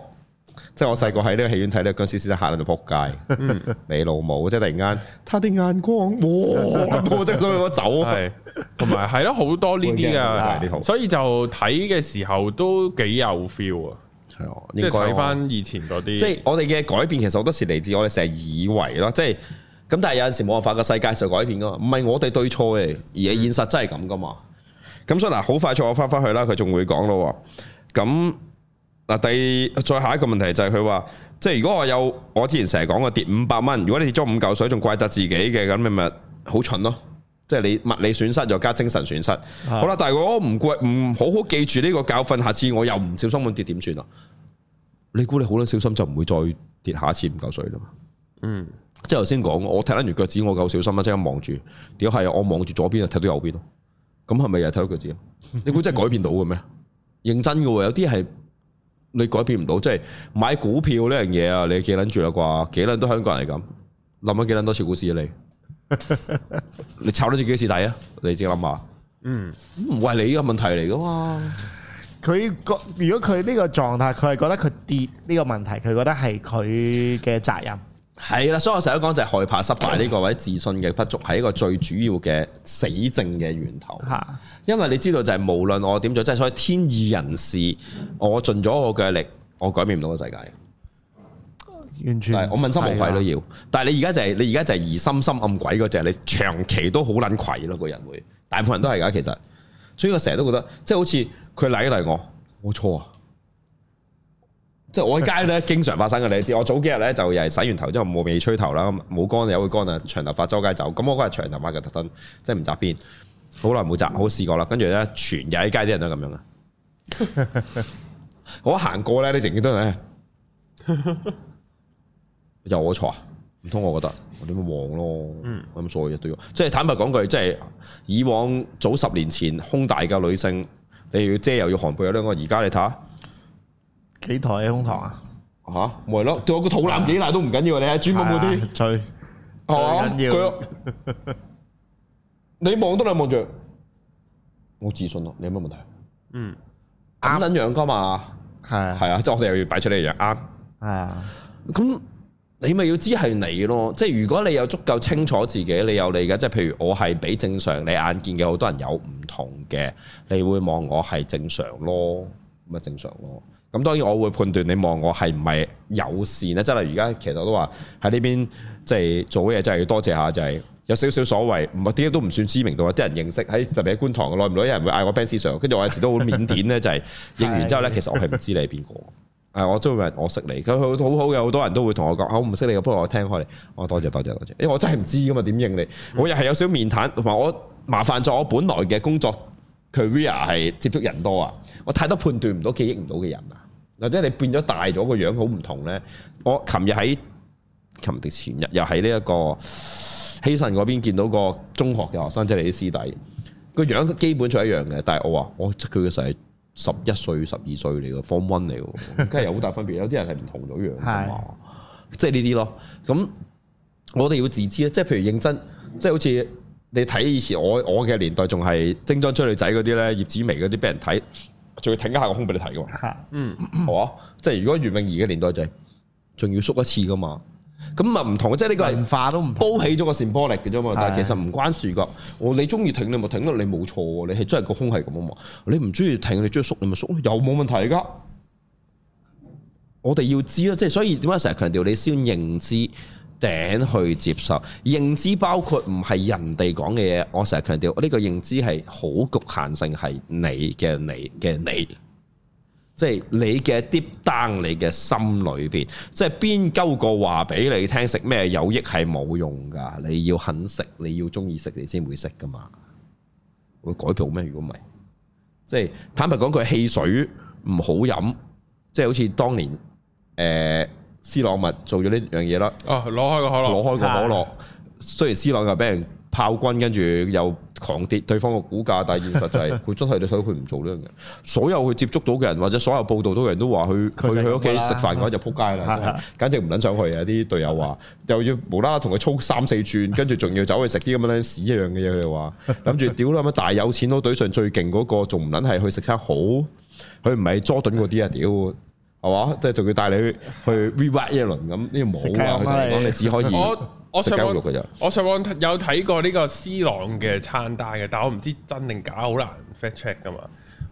即係我細個喺呢個戲院睇呢殭屍先生吓到就仆街。嗯、你老母即係突然間，他的眼光，哇！即係想走，係同埋係咯，多好多呢啲噶，所以就睇嘅時候都幾有 feel 啊。係啊、哦，應該即係睇翻以前嗰啲，即係我哋嘅、就是、改變，其實好多時嚟自我哋成日以為啦。即係咁，但係有陣時冇辦法個世界就改變噶，唔係我哋對錯嘅，而係現實真係咁噶嘛。咁所以嗱，好快坐我翻翻去啦，佢仲會講咯。咁。嗱，第再下一個問題就係佢話，即係如果我有我之前成日講嘅跌五百蚊，如果你跌咗五嚿水，仲怪責自己嘅，咁你咪好蠢咯，哦！即係你物理損失又加精神損失。的好啦，但係如果我唔記唔好好記住呢個教訓，下次我又唔小心咁跌點算啊？嗯、你估你好捻小心就唔會再跌下一次五嚿水啦？嗯，即係頭先講我踢翻完腳趾，我夠小心啊！即刻望住，屌果係我望住左邊啊，踢到右邊咯，咁係咪又踢到腳趾 [LAUGHS] 你估真係改變到嘅咩？認真嘅，有啲係。你改變唔到，即係買股票呢樣嘢啊！你幾撚住啦啩？幾撚多香港人係咁諗？幾撚多次股市啊你？ [LAUGHS] 你炒得幾多次底啊？你先諗下。嗯，唔係、嗯、你呢個問題嚟噶嘛？佢覺如果佢呢個狀態，佢係覺得佢跌呢個問題，佢覺得係佢嘅責任。係啦，所以我成日都講就係害怕失敗呢個或者自信嘅不足，係一個最主要嘅死症嘅源頭。吓、嗯，因為你知道就係無論我點做，即係所謂天意人事，我盡咗我嘅力，我改變唔到個世界完全。我問心無愧都要，的但係你而家就係，你而家就係疑心深暗鬼嗰隻，你長期都好捻愧咯，個人會，大部分人都係噶，其實。所以我成日都覺得，即係好似佢嚟，嚟我，我錯。即係我喺街咧，經常發生嘅你知。我早幾日咧就又係洗完頭之後冇未吹頭啦，冇乾有佢乾啊，長頭髮周街走。咁我嗰日長頭髮嘅特登，即係唔紮辮，好耐冇紮，好試過啦。跟住咧，全日喺街啲人都咁樣啦。我行 [LAUGHS] 過咧，你成日都咧，又 [LAUGHS] 我錯啊？唔通我覺得我點樣黃咯？嗯，我諗所有嘢都要。即係坦白講句，即係以往早十年前胸大嘅女性，你要遮又要寒背，有兩個。而家你睇下。幾台胸膛啊？吓、啊，唔係咯，我個肚腩幾大都唔緊要咧，專門嗰啲最最緊要。你望都嚟，望住，我自信咯。你有乜問題？嗯，咁樣樣噶嘛，係係、嗯、啊，即係我哋又要擺出呢樣啱。係啊，咁、啊啊啊啊啊、你咪要知係你咯。即係如果你有足夠清楚自己，你有你嘅。即係譬如我係比正常你眼見嘅好多人有唔同嘅，你會望我係正常咯。咁啊正常咯，咁當然我會判斷你望我係唔係友善咧，即係而家其實我都話喺呢邊即係做嘢，真係要多謝下，就係有少少所謂，唔係點解都唔算知名度，啲人認識喺特別喺觀塘，耐唔耐有人會嗌我 Benz Sir，跟住我有時都好腼腆咧，就係應完之後咧，其實我係唔知你係邊個，係 [LAUGHS] 我中意人， [LAUGHS] 我識你，佢好好嘅，好多人都會同我講，好唔識你嘅，不如我聽開你，我多謝多謝多謝，因為我真係唔知噶嘛，點應你，我又係有少少面癱，同埋我麻煩咗我本來嘅工作。佢 VIA 係接觸人多啊，我太多判斷唔到記憶唔到嘅人啊，或者你變咗大咗個樣好唔同咧？我琴日喺琴日前日又喺呢一個希神嗰邊見到個中學嘅學生，即係你啲師弟，個樣基本上一樣嘅，但係我話我佢嘅時候係十一歲、十二歲嚟嘅 Form One 嚟嘅，梗係有好大分別。 [LAUGHS] 有啲人係唔同咗樣啊，即係呢啲咯。咁我哋要自知咧，即係譬如認真，即係好似。你睇以前我我嘅年代仲係精裝追女仔嗰啲咧，葉子楣嗰啲俾人睇，仲要挺一下個胸俾你睇嘅喎。 [COUGHS] 嗯，好啊。即係如果袁詠儀嘅年代就係仲要縮一次嘅嘛。咁啊唔同嘅，即係呢個文化都唔同。煲起咗個線波力嘅啫嘛，的但係其實唔關事嘅。我你中意挺你咪挺咯，你冇錯你係真係個胸係咁啊嘛。你唔中意挺你中意縮你咪縮，又冇問題㗎。我哋要知啊，即係所以點解成日強調你先認知。頂去接受認知包括唔係人哋講嘅嘢，我成日強調，呢個認知係好局限性，係你嘅你嘅你，即係你嘅 deep down，你嘅心裏邊，即係邊鳩個話俾你聽食咩有益係冇用㗎，你要肯食，你要中意食，你先會食㗎嘛，會改掉咩？如果唔係，即係坦白講，佢汽水唔好飲，即係好似當年誒。呃斯朗密做咗呢樣嘢啦，哦，攞開個可樂，攞開個可樂。雖然斯朗又俾人炮轟，跟住又狂跌對方個股價，但係現實就係佢真係你睇佢唔做呢樣嘢。所有佢接觸到嘅人，或者所有報道到嘅人都話佢，佢屋企食飯嘅話就扑街啦，簡直唔捻想去啊！啲隊友話又要無啦啦同佢操三四轉，跟住仲要走去食啲咁樣屎一樣嘅嘢，佢哋話諗住屌啦，咁大有錢佬隊上最勁嗰個，仲唔捻係去食餐好？佢唔係 Jordan 嗰啲啊，屌！係嘛？即係仲要帶你去 rework 一輪咁，呢個冇啊！你只可以食我，我上網有睇過呢個 C 朗嘅餐單嘅，但係我唔知真定假，好難 fact check 㗎嘛。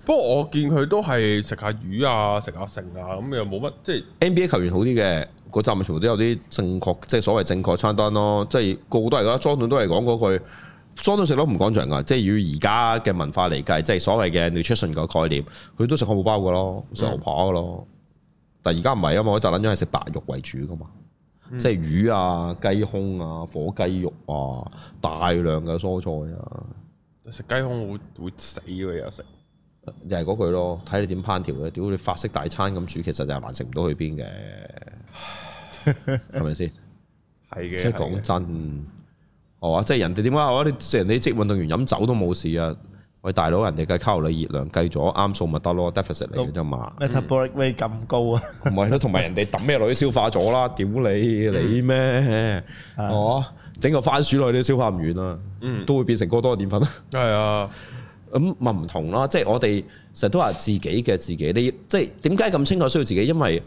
不過我見佢都係食下魚啊，食下剩啊，咁又冇乜，即係 NBA 球員好啲嘅個站咪全部都有啲正確，即係所謂正確餐單咯。即係個個都係啦，莊頓都係講嗰句，莊頓食都唔講場㗎。即係要而家嘅文化嚟計，即係所謂嘅 nutrition 個概念，佢都食漢堡包㗎咯，食牛扒㗎咯。嗯。但而家唔係啊嘛，我就諗咗係食白肉為主噶嘛，嗯、即係魚啊、雞胸啊、火雞肉啊，大量嘅蔬菜啊。食雞胸會會死㗎，又食，又係嗰句咯，睇你點烹調咧。屌你法式大餐咁煮，其實就係難食唔到去邊嘅，係咪先？係嘅。即係講真，係嘛？即係人哋點解我哋食人哋職運動員飲酒都冇事啊？喂，大佬，人哋嘅卡路里熱量計咗啱數咪得咯，deficit 嚟嘅啫嘛。metabolic rate 咁高啊，唔係同埋人哋抌咩女消化咗啦，屌你你咩，哦，整個番薯類都消化唔完啊，嗯、都會變成過多嘅澱粉啊。係啊、嗯，咁咪唔同啦，即係我哋成日都話自己嘅自己，你即係點解咁清楚需要自己？因為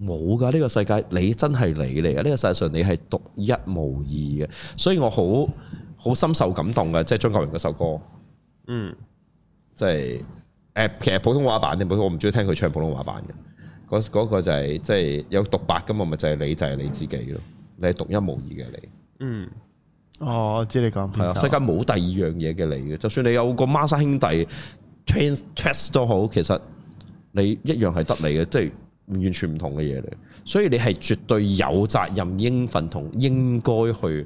冇㗎，呢個世界你真係你嚟嘅，呢個世界上你係獨一無二嘅，所以我好好深受感動嘅，即係張國榮嗰首歌。嗯，即係誒，其實普通話版嘅普通，我唔中意聽佢唱普通話版嘅。嗰、那、嗰個就係即係有獨白㗎嘛，咪就係你，就係、是就是、你，你自己咯。嗯、你係獨一無二嘅你。嗯，哦，我知你講。係啊，世界冇第二樣嘢嘅你嘅，就算你有個孖生兄弟 twins twins 都好，其實你一樣係得你嘅，即、就、係、是、完全唔同嘅嘢嚟。所以你係絕對有責任、應份同應該去。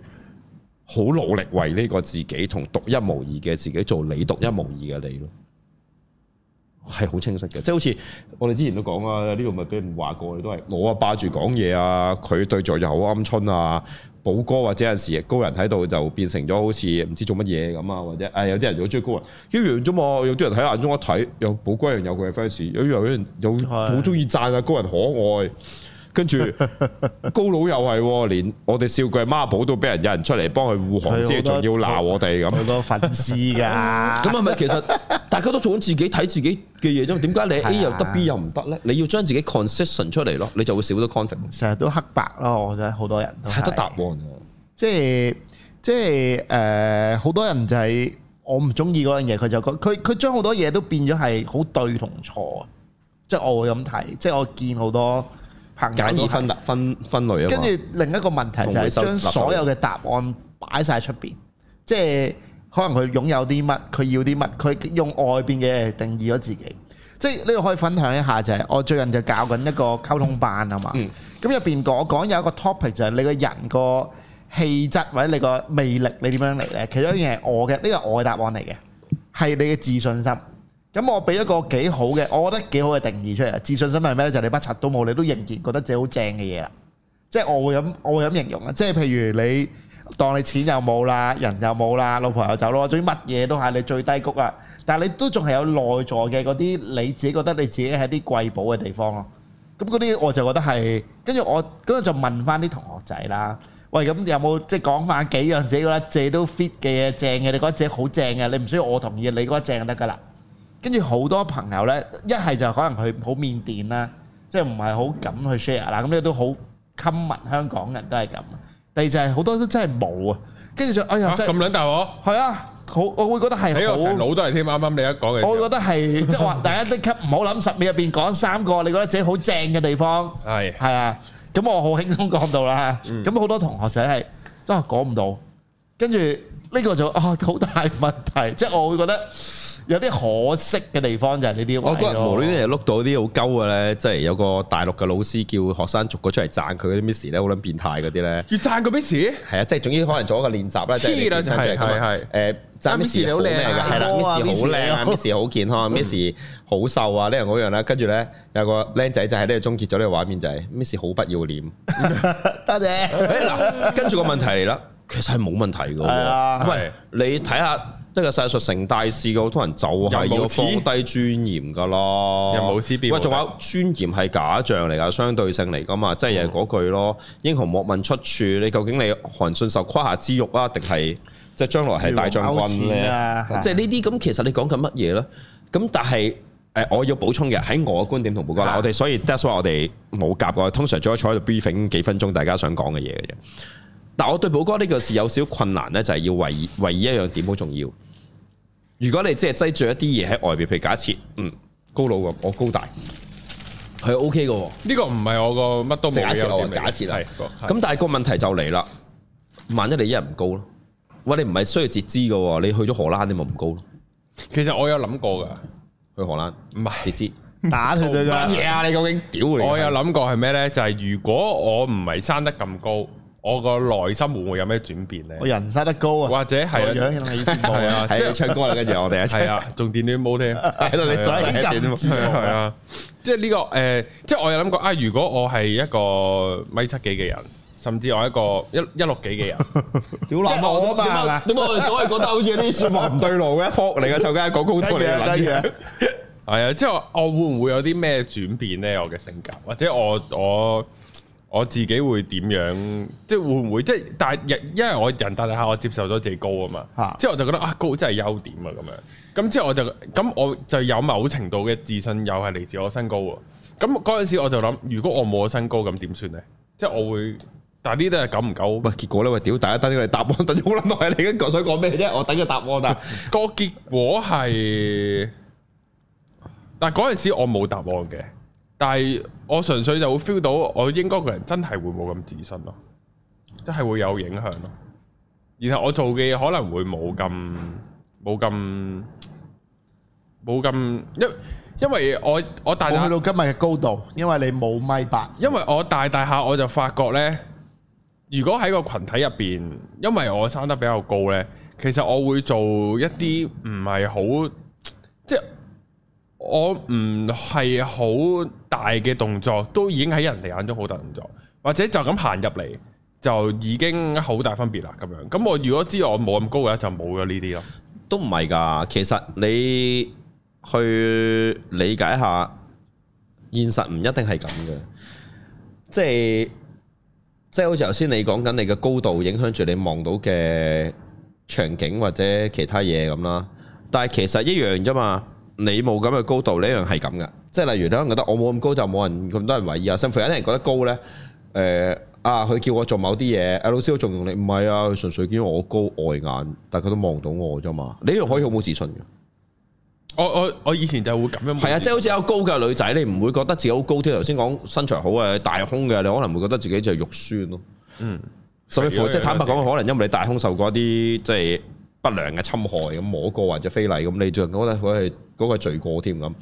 好努力為呢個自己同獨一無二嘅自己做你獨一無二嘅你咯，係好清晰嘅，即係好似我哋之前都講啊，呢度咪俾人話過，你都係我啊霸住講嘢啊，佢對著就好鵪鶉啊，寶哥或者有時高人喺度就變成咗好似唔知做乜嘢咁啊，或者誒、哎、有啲人好中意高人一樣啫嘛，有啲人喺眼中一睇有寶哥，一有佢嘅 fans，有樣有好中意讚啊高人可愛。跟住高佬又係，連我哋笑鬼孖寶都俾人有人出嚟幫佢護航即係，仲要鬧我哋咁。好多粉絲噶，咁係咪其實大家都做緊自己睇自己嘅嘢啫嘛。點解你 A 又得 B 又唔得咧？的你要將自己 concession 出嚟咯，你就會少咗 conflict c e。成日都黑白咯，我覺得好多人太多答案喎。即係即係誒，好、就是呃、多人就係、是、我唔中意嗰樣嘢，佢就佢佢將好多嘢都變咗係好對同錯。即、就、係、是、我會咁睇，即、就、係、是、我見好多。行簡易分分分類啊嘛，跟住另一個問題就係將所有嘅答案擺曬出邊，即係可能佢擁有啲乜，佢要啲乜，佢用外邊嘅嘢定義咗自己。即係呢個可以分享一下就係，我最近就搞緊一個溝通班啊嘛，咁入邊講講有一個 topic 就係你個人個氣質或者你個魅力你點樣嚟咧？其中一樣係我嘅，呢個我嘅答案嚟嘅，係你嘅自信心。咁、嗯、我俾一個幾好嘅，我覺得幾好嘅定義出嚟。自信心係咩呢？就係、你筆賊都冇，你都仍然覺得自己好正嘅嘢啦。即係我會咁，我會咁形容啊。即係譬如你當你錢又冇啦，人又冇啦，老婆又走咯，仲要乜嘢都係你最低谷啊。但係你都仲係有內在嘅嗰啲你自己覺得你自己係啲貴寶嘅地方咯。咁嗰啲我就覺得係，跟住我跟住就問翻啲同學仔啦。喂，咁有冇即係講翻幾樣自己覺得自己都 fit 嘅嘢正嘅？你覺得自己好正嘅，你唔需要我同意，你覺得正就得㗎啦。跟住好多朋友咧，一係就可能佢好面電啦，即係唔係好敢去 share 啦。咁咧都好襟密，香港人都係咁。第二就係、是、好多都真係冇、哎、啊。跟住就哎呀，咁兩大鑊！係啊，好，我會覺得係。誒，我成都係添，啱啱你一講嘅。我會覺得係即係話大家一級唔好諗十秒入邊講三個，你覺得自己好正嘅地方。係。係啊，咁我好輕鬆講到啦。咁好、嗯、多同學仔係真係講唔到，跟住呢個就啊好、哦、大問題，即係我會覺得。有啲可惜嘅地方就係呢啲。我覺得無端端又碌到啲好鳩嘅咧，即係有個大陸嘅老師叫學生逐個出嚟讚佢啲 miss 咧，好撚變態嗰啲咧。要讚個 miss？係啊，即係總之可能做一個練習咧，就係咁樣。係係係。誒，讚 miss 你好咩㗎？係啦，miss 好靚啊，miss 好健康 miss 好瘦啊，呢樣嗰樣啦。跟住咧有個僆仔就喺呢度終結咗呢個畫面就係 miss 好不要臉。多謝。嗱，跟住個問題啦，其實係冇問題㗎。係啊。喂，你睇下。呢個世界成大事嘅，好多人就係要放低尊嚴噶咯。又冇撕？喂，仲有尊嚴係假象嚟噶，相對性嚟噶嘛，即係又係嗰句咯。嗯、英雄莫問出處，你究竟你韓信受胯下之辱啊，定係即係將來係大將軍咧？啊、即係呢啲咁，其實你講緊乜嘢咧？咁但係誒，我要補充嘅喺我嘅觀點同補過。嗱的，我哋所以 that's why 的我哋冇夾嘅，通常最可以坐喺度 briefing 幾分鐘，大家想講嘅嘢嘅啫。但我對寶哥呢個事有少少困難咧，就係、是、要維維依一樣點好重要。如果你即係擠住一啲嘢喺外面，譬如假設嗯高佬咁我高大，係 O K 嘅。呢個唔係我個乜都冇假設我嘅假設設啦。咁但係個問題就嚟啦，萬一你一日唔高咯，喂你唔係需要截肢嘅，你去咗荷蘭你咪唔高咯。其實我有諗過噶，去荷蘭唔係截肢資 [LAUGHS] 打佢對唔嘢啊！你究竟屌我有諗過係咩咧？就係、是、如果我唔係生得咁高。我個內心會唔會有咩轉變咧？我人生得高啊，或者係啊，即係唱歌啦，跟住我哋係啊，仲電暖帽聽，係咯，你使電暖帽係啊，即係呢個誒，即係我又諗過啊，如果我係一個米七幾嘅人，甚至我一個一一六幾嘅人，少諗我啊嘛，點解我哋總係覺得好似啲説話唔對路嘅一樖嚟嘅？臭街講高級嘢，諗嘢係啊，即係我會唔會有啲咩轉變咧？我嘅性格，或者我我。我自己會點樣？即係會唔會？即係但係因為我人大下，我接受咗自己高啊嘛。哈之後我就覺得啊，高真係優點啊咁樣。咁之後我就咁我就有某程度嘅自信，又係嚟自我身高喎。咁嗰陣時我就諗，如果我冇我身高，咁點算咧？即係我會，但係呢啲係久唔久？喂，結果咧，喂，屌，大家等啲嚟答案，等咗好撚耐，你而家想講咩啫？我等個答案，但個 [LAUGHS] 結果係，但嗰陣時我冇答案嘅，但係。我純粹就會 feel 到，我應該個人真係會冇咁自信咯，真係會有影響咯。然後我做嘅嘢可能會冇咁冇咁冇咁，因因為我我大去到今日嘅高度，因為你冇米八，因為我大大大下我就發覺呢，如果喺個群體入邊，因為我生得比較高呢，其實我會做一啲唔係好即。我唔係好大嘅動作，都已經喺人哋眼中好大動作，或者就咁行入嚟就已經好大分別啦。咁樣咁我如果知道我冇咁高嘅話，就冇咗呢啲咯，都唔係噶。其實你去理解下現實唔一定係咁嘅，即係即係好似頭先你講緊你嘅高度影響住你望到嘅場景或者其他嘢咁啦。但係其實一樣啫嘛。你冇咁嘅高度你一樣係咁噶，即係例如你可能覺得我冇咁高就冇人咁多人懷疑啊。甚至乎有啲人覺得高咧，誒、呃、啊，佢叫我做某啲嘢，老師好重用你，唔係啊，純粹見到我高外眼，但係佢都望到我啫嘛。你呢樣可以好冇自信嘅。我我我以前就係會咁樣，係啊，即係好似有高嘅女仔，你唔會覺得自己好高添。頭先講身材好嘅大胸嘅，你可能會覺得自己就肉酸咯。嗯，甚至乎即係坦白講，可能因為你大胸受過一啲即係。不良嘅侵害咁摸過或者非禮咁，你仲覺得佢係嗰個罪過添咁？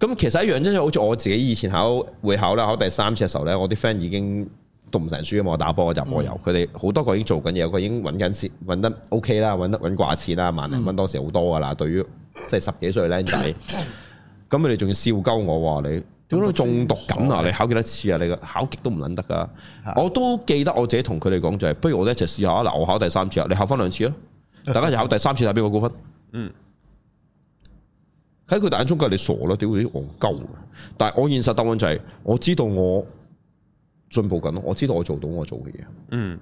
咁其實一樣真係好似我自己以前考會考啦。考第三次嘅時候咧，我啲 friend 已經讀唔成書啊，我打波就冇遊，佢哋好多個已經做緊嘢，佢已經揾緊錢，揾得 OK 啦，揾得揾掛錢啦，萬零蚊當時好多噶啦、嗯。對於即係十幾歲靚仔，咁佢哋仲要笑鳩我喎，你點解仲讀咁啊？以你考幾多次啊？你考極都唔撚得噶。的我都記得我自己同佢哋講就係、是，不如我哋一齊試下啊！嗱，我考第三次啊，你考翻兩次啊。大家就考第三次俾我高分？嗯，喺佢眼中梗係你傻咯，屌你戇鳩！但係我現實答案就係、是、我知道我進步緊咯，我知道我做到我做嘅嘢。嗯，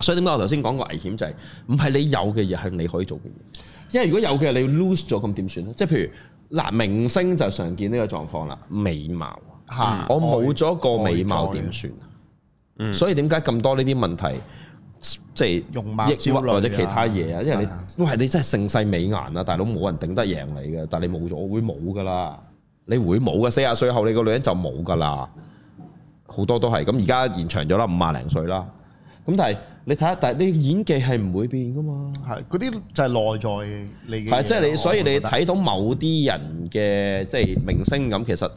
所以點解我頭先講個危險就係唔係你有嘅嘢係你可以做嘅嘢？因為如果有嘅你 lose 咗咁點算咧？即係譬如嗱，明星就常見呢個狀況啦，美貌嚇，啊、我冇咗個美貌點算啊？嗯，所以點解咁多呢啲問題？即係容貌、抑或或者其他嘢啊，因為你都、啊、喂，你真係盛世美顏啊，大佬冇人頂得贏你嘅。但你冇咗，會冇噶啦，你會冇嘅。四十歲後，你個女人就冇噶啦，好多都係。咁而家延長咗啦，五十零歲啦。咁但係你睇下，但係你，但你演技係唔會變噶嘛？係，嗰啲就係內在嘅，係，即係你，所以你睇到某啲人嘅即係明星咁，其實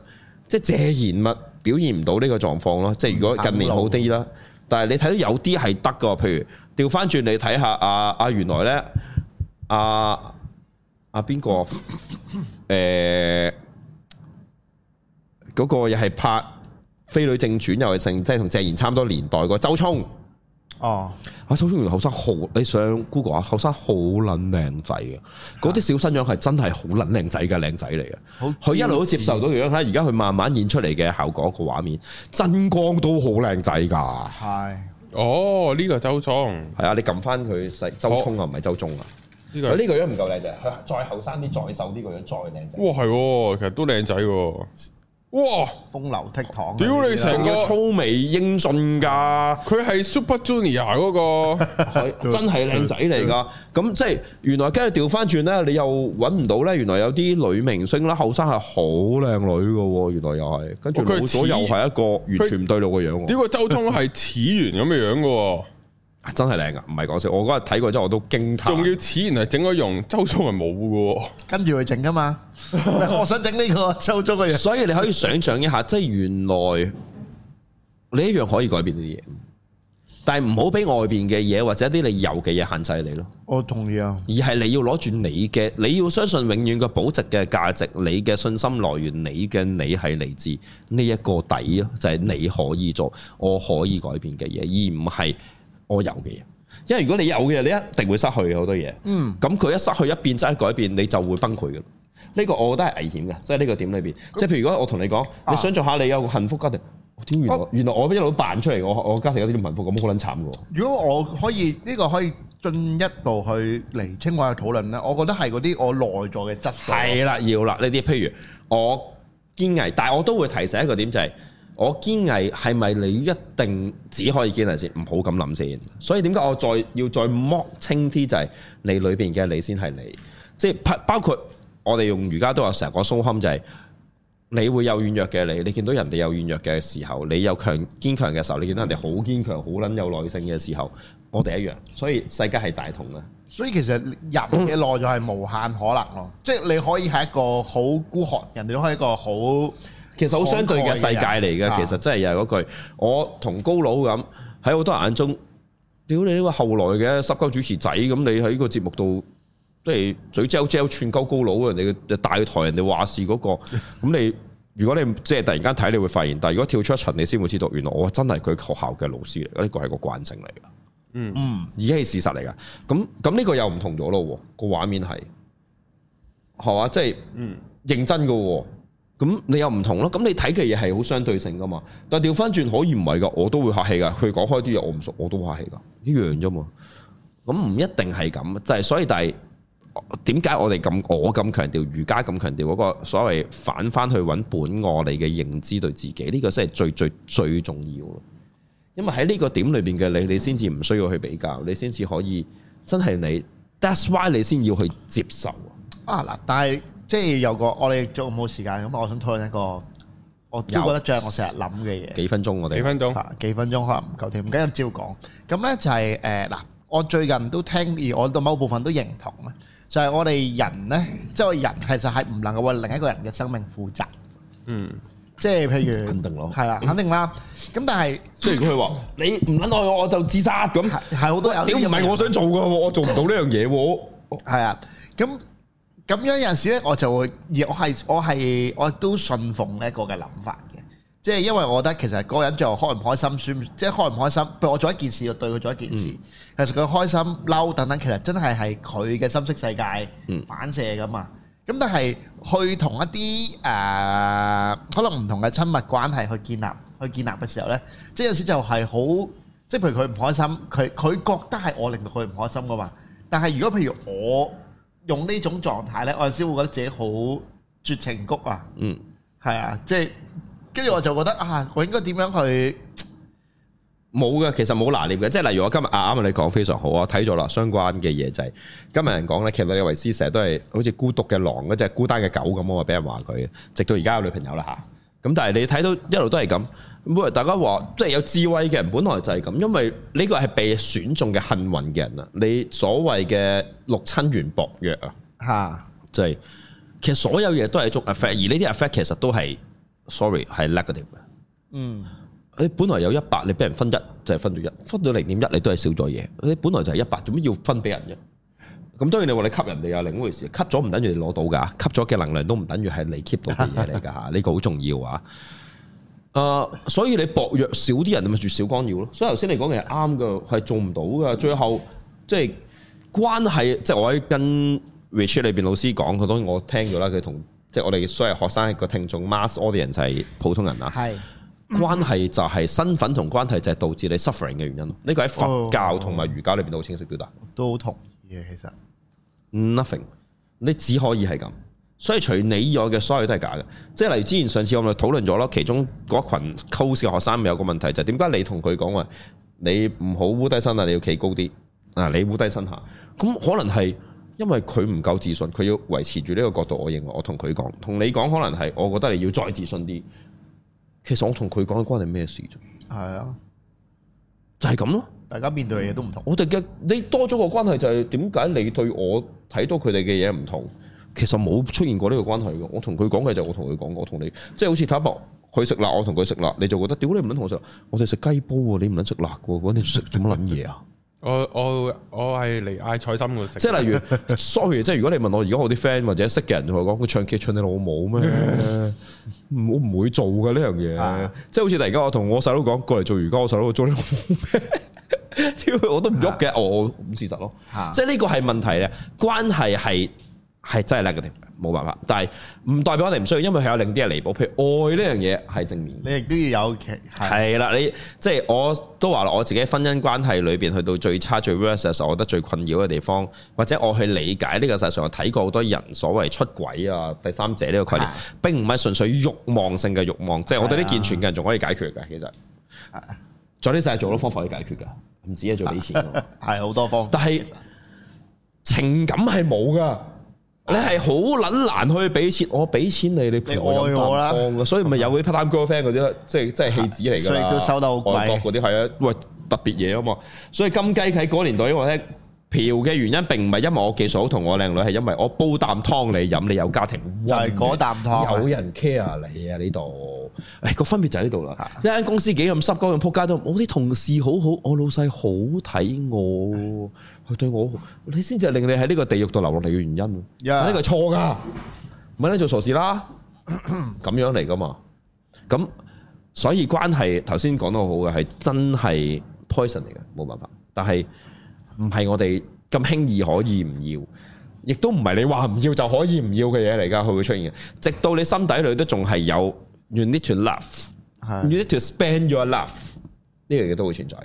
即係借言物表現唔到呢個狀況咯。即係如果近年好啲啦。嗯嗯但係你睇到有啲係得噶，譬如調返轉，你睇下啊啊，原來咧啊啊邊、啊、個誒嗰、呃那個又係拍《飛女正傳》又係正，即係同謝賢差唔多年代個周驄。哦，阿周聰原後生好，你想 Google 下後生好捻靚仔嘅，嗰啲小新樣係真係好捻靚仔嘅，靚仔嚟嘅，佢一路都接受到樣，睇而家佢慢慢演出嚟嘅效果個畫面，真光都好靚仔噶。係的，哦呢、這個周，周聰，係啊、哦，你撳翻佢細周聰啊，唔係周中啊。佢呢、這個、個樣唔夠靚啫，佢再後生啲，再瘦啲個樣，再靚仔。哇、哦，係，其實都靚仔嘅。哇！風流倜儻，屌你成個粗眉英俊噶，佢係 Super Junior 嗰、嗰個， [LAUGHS] 真係靚仔嚟噶。咁 [LAUGHS] 即係原來跟住調翻轉咧，你又揾唔到咧。原來有啲女明星啦，後生係好靚女噶喎。原來又係跟住，冇咗，又係一個完全唔對路嘅樣。點解、哦這個、周通係始源咁嘅樣噶？ [LAUGHS] 真係靚噶，唔係講笑。我嗰日睇過之後，我都驚嘆。仲要此原來整咗容，周中係冇嘅。跟住去整啊嘛！ [LAUGHS] [LAUGHS] [LAUGHS] 我想整呢、呢個周中嘅嘢。所以你可以想象一下，即係原來你一樣可以改變呢啲嘢，但係唔好俾外邊嘅嘢或者一啲你有嘅嘢限制你咯。我同意啊。而係你要攞住你嘅，你要相信永遠嘅保值嘅價值，你嘅信心來源，你嘅你係嚟自呢一個底啊，就係、係、你可以做，我可以改變嘅嘢，而唔係。我有嘅嘢，因為如果你有嘅嘢，你一定會失去好多嘢。嗯，咁佢一失去一變，即係改變，你就會崩潰嘅。呢、這個我覺得係危險嘅，即係呢個點裏邊。即係、嗯、譬如，如果我同你講，你想做下你有個幸福家庭，天，原來、啊、原來我一路都扮出嚟，我我家庭有啲唔幸福，咁好撚慘嘅。如果我可以呢、這個可以進一步去厘清我嘅討論咧，我覺得係嗰啲我內在嘅質素。係啦，要啦，呢啲譬如我堅毅，但係我都會提醒一個點就係、是。我堅毅係咪你一定只可以堅毅先？唔好咁諗先。所以點解我再要再剝清啲就係你裏邊嘅你先係你。即係包括我哋用瑜伽都有成日講疏就係你會有軟弱嘅你。你見到人哋有軟弱嘅時候，你有強堅強嘅時候，你見到人哋好堅強、好撚有耐性嘅時候，我哋一樣。所以世界係大同啊。所以其實人嘅內在係無限可能咯。嗯、即係你可以係一個好孤寒，人哋都可以一個好。其實好相對嘅世界嚟嘅，其實真係又係嗰句，我同高佬咁喺好多人眼中，屌你呢個後來嘅濕鳩主持仔咁，你喺呢個節目度，即係嘴嚼嚼串鳩高佬啊！人哋大台人哋話事嗰個，咁你如果你即係突然間睇，你會發現，但係如果跳出一層，你先會知道，原來我真係佢學校嘅老師嚟，呢個係個慣性嚟噶。嗯嗯，已經係事實嚟噶。咁咁呢個又唔同咗咯，個畫面係，係嘛，即係嗯認真噶。咁你又唔同咯，咁你睇嘅嘢係好相對性噶嘛？但係調翻轉可以唔係噶，我都會客氣噶。佢講開啲嘢，我唔熟，我都客氣噶，一樣啫嘛。咁唔一定係咁，就係所以，但係點解我哋咁我咁強調瑜伽咁強調嗰個所謂反翻去揾本我嚟嘅認知，對自己呢個先係最最最重要咯。因為喺呢個點裏邊嘅你，你先至唔需要去比較，你先至可以真係你。That's why 你先要去接受啊嗱，但係。即係有個，我哋仲冇時間，咁我想討論一個我有覺得即係我成日諗嘅嘢。幾分鐘我哋，幾分鐘，幾分鐘可能唔夠添，唔緊要照講，照、嗯、講。咁咧就係誒嗱，我最近都聽，而我到某部分都認同咧，就係我哋人咧，即係人其實係唔能夠爲另一個人嘅生命負責、欸。嗯，即係譬如，肯定咯，係啦，肯定啦。咁但係，即係如果佢話你唔肯愛我，我就自殺咁，係好多有。點唔係我想做噶，我做唔到呢樣嘢。係啊，咁。咁樣有陣時咧，我就會，我係我係我都信奉呢一個嘅諗法嘅，即係因為我覺得其實個人最後開唔開心，算，即係開唔開心，譬如我做一件事，我對佢做一件事，嗯、其實佢開心嬲等等，其實真係係佢嘅心色世界反射噶嘛。咁、嗯、但係去同一啲誒、呃，可能唔同嘅親密關係去建立，去建立嘅時候咧，即、就、係、是、有時就係好，即、就、係、是、譬如佢唔開心，佢佢覺得係我令到佢唔開心噶嘛。但係如果譬如我，用呢種狀態呢，我先會覺得自己好絕情谷啊！嗯，係啊，即係跟住我就覺得啊，我應該點樣去？冇嘅，其實冇拿捏嘅。即係例如我今日啊，啱啱你講非常好啊，睇咗啦相關嘅嘢就係、是、今日人講咧，李維斯成日都係好似孤獨嘅狼嗰隻、孤單嘅狗咁啊，俾人話佢，直到而家有女朋友啦嚇。啊咁但係你睇到一路都係咁，本來大家話即係有智慧嘅人本來就係咁，因為呢個係被選中嘅幸運嘅人啦。你所謂嘅六親緣薄弱啊，吓、就是，即係其實所有嘢都係受 affect，而呢啲 affect 其實都係 sorry 係 negative 嘅。嗯，你本來有一百，你俾人分一就係分，分到一，分到零點一你都係少咗嘢。你本來就係一百，做乜要分俾人一？咁當然你話你吸人哋又另一回事，吸咗唔等於你攞到噶，吸咗嘅能量都唔等於係你 keep 到嘅嘢嚟㗎嚇，呢 [LAUGHS] 個好重要啊。誒、uh，所以你薄弱少啲人，咪住小干擾咯。所以頭先你講嘅係啱嘅，係做唔到嘅。最後即係、就是、關係，即、就、係、是、我喺跟 Richard 裏邊老師講，佢當然我聽咗啦，佢同即係我哋所有學生個聽眾 Mass Audience 就係普通人啊。係 [LAUGHS] 關係就係身份同關係就係導致你 suffering 嘅原因。呢個喺佛教同埋瑜伽裏邊都好清晰表達。都好、 [LAUGHS] 哦哦、同意嘅，其實。Nothing，你只可以係咁，所以除你以外嘅所有都係假嘅。即係例如之前上次我咪討論咗咯，其中嗰群 close 嘅學生咪有個問題就係、是、點解你同佢講話，你唔好烏低身啊，你要企高啲啊，你烏低身下，咁可能係因為佢唔夠自信，佢要維持住呢個角度。我認為我同佢講，同你講可能係，我覺得你要再自信啲。其實我同佢講，關你咩事啫？係啊，就係咁咯。大家面對嘅嘢都唔同。我哋嘅你多咗個關係就係點解你對我睇到佢哋嘅嘢唔同？其實冇出現過呢個關係嘅。我同佢講嘅就我同佢講，我同你即係好似坦白，佢食辣，我同佢食辣，你就覺得屌你唔撚同我食，我哋食雞煲喎，你唔撚食辣嘅喎，嗰啲食做乜撚嘢啊？我我我係嚟嗌菜心嘅食。即係例如，sorry，即係如果你問我而家我啲 friend 或者識嘅人同我講，佢唱 K 唱你老母咩？我唔 [LAUGHS] 會做嘅呢樣嘢。即係好似突然間我同我細佬講過嚟做瑜伽，我細佬做你老母咩？ [LAUGHS] 屌，我都唔喐嘅，的我咁事實咯，的即係呢個係問題咧，關係係係真係叻嘅，冇辦法，但係唔代表我哋唔需要，因為係有另啲人彌補，譬如愛呢樣嘢係正面你，你亦都要有其係啦，你即係我都話啦，我自己婚姻關係裏邊去到最差最 worst 嘅時候，我覺得最困擾嘅地方，或者我去理解呢個實際上我睇過好多人所謂出軌啊、第三者呢個概念，的並唔係純粹慾望性嘅慾望，即係的我哋啲健全嘅人仲可以解決嘅，其實，在呢世做好多方法可以解決噶。的唔止啊，做俾錢，係好 [LAUGHS] 多方。但係是實情感係冇噶，你係好撚難去俾錢。我俾錢你，你陪我飲，所以咪有嗰啲 part time girlfriend 嗰啲 [LAUGHS] 即係即係戲子嚟噶。所以都收得好貴嗰啲係啊，喂，特別嘢啊嘛。所以金雞喺嗰年代我，我咧。嫖嘅原因並唔係因為我技術好，同我靚女係因為我煲啖湯你飲，你有家庭， [LAUGHS] 就係嗰啖湯有人 care 你啊呢度，誒、哎嗰個分別就喺呢度啦。的一間公司幾咁濕鳩，咁仆街都，我啲同事好好，我老細好睇我，佢對我，好。你先至令你喺呢個地獄度留落嚟嘅原因，呢個錯㗎，唔係你做傻事啦，咁 [COUGHS] 樣嚟㗎嘛。咁所以關係頭先講得好嘅係真係 poison 嚟嘅，冇辦法，但係。唔係我哋咁輕易可以唔要，亦都唔係你話唔要就可以唔要嘅嘢嚟噶，佢會出現嘅。直到你心底裏都仲係有，you need to love，you need to spend your love，呢樣嘢都會存在。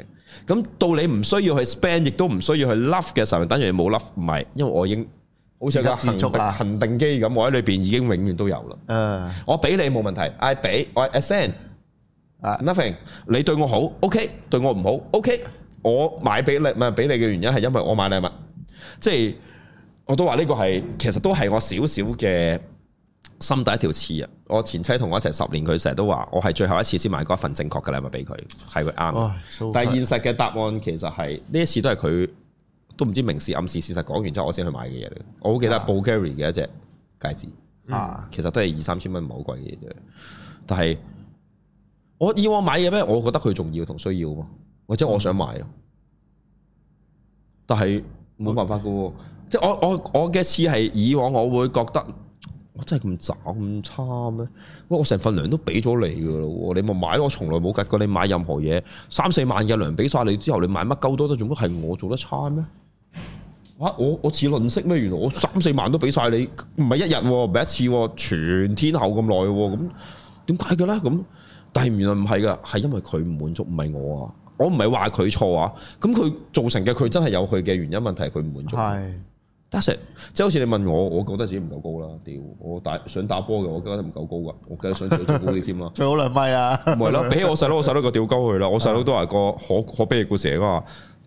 咁到你唔需要去 spend，亦都唔需要去 love 嘅時候，等於你冇 love，唔係，因為我已經好似個恆定恆定機咁，我喺裏邊已經永遠都有啦。我俾你冇問題，I give，I send，啊，nothing，你對我好，OK，對我唔好，OK。我買俾你唔俾你嘅原因係因為我買禮物，即係我都話呢個係其實都係我少少嘅心底一條刺啊！我前妻同我一齊十年，佢成日都話我係最後一次先買過一份正確嘅禮物俾佢，係佢啱。但係現實嘅答案其實係呢一次都係佢都唔知明示暗示，事實講完之後我先去買嘅嘢嚟。我好記得 Bulgari 嘅一隻戒指啊，其實都係二三千蚊，唔係好貴嘅嘢。但係我要我買嘢咩？我覺得佢重要同需要。或者我想買，但係冇辦法嘅喎、啊。即係我我我嘅次係以往，我會覺得我真係咁渣咁差咩？喂，我成份糧都畀咗你嘅啦，你咪買咯。我從來冇計過你買任何嘢，三四萬嘅糧畀晒你之後，你買乜夠多都仲，都係我做得差咩？嚇我我似吝嗇咩？原來我三四萬都畀晒你，唔係一日喎，唔係一次喎，全天候咁耐喎，咁點解嘅咧？咁但係原來唔係嘅，係因為佢唔滿足，唔係我啊。我唔係話佢錯啊，咁佢造成嘅佢真係有佢嘅原因問題，佢唔滿足。係 d 即係好似你問我，我覺得自己唔夠高啦。屌，我大想打波嘅，我覺得唔夠高噶，我梗係想做高啲添啊，最好兩米啊。唔係啦，比起我細佬，我細佬個吊高佢啦。我細佬都話個可可悲嘅故事嚟㗎。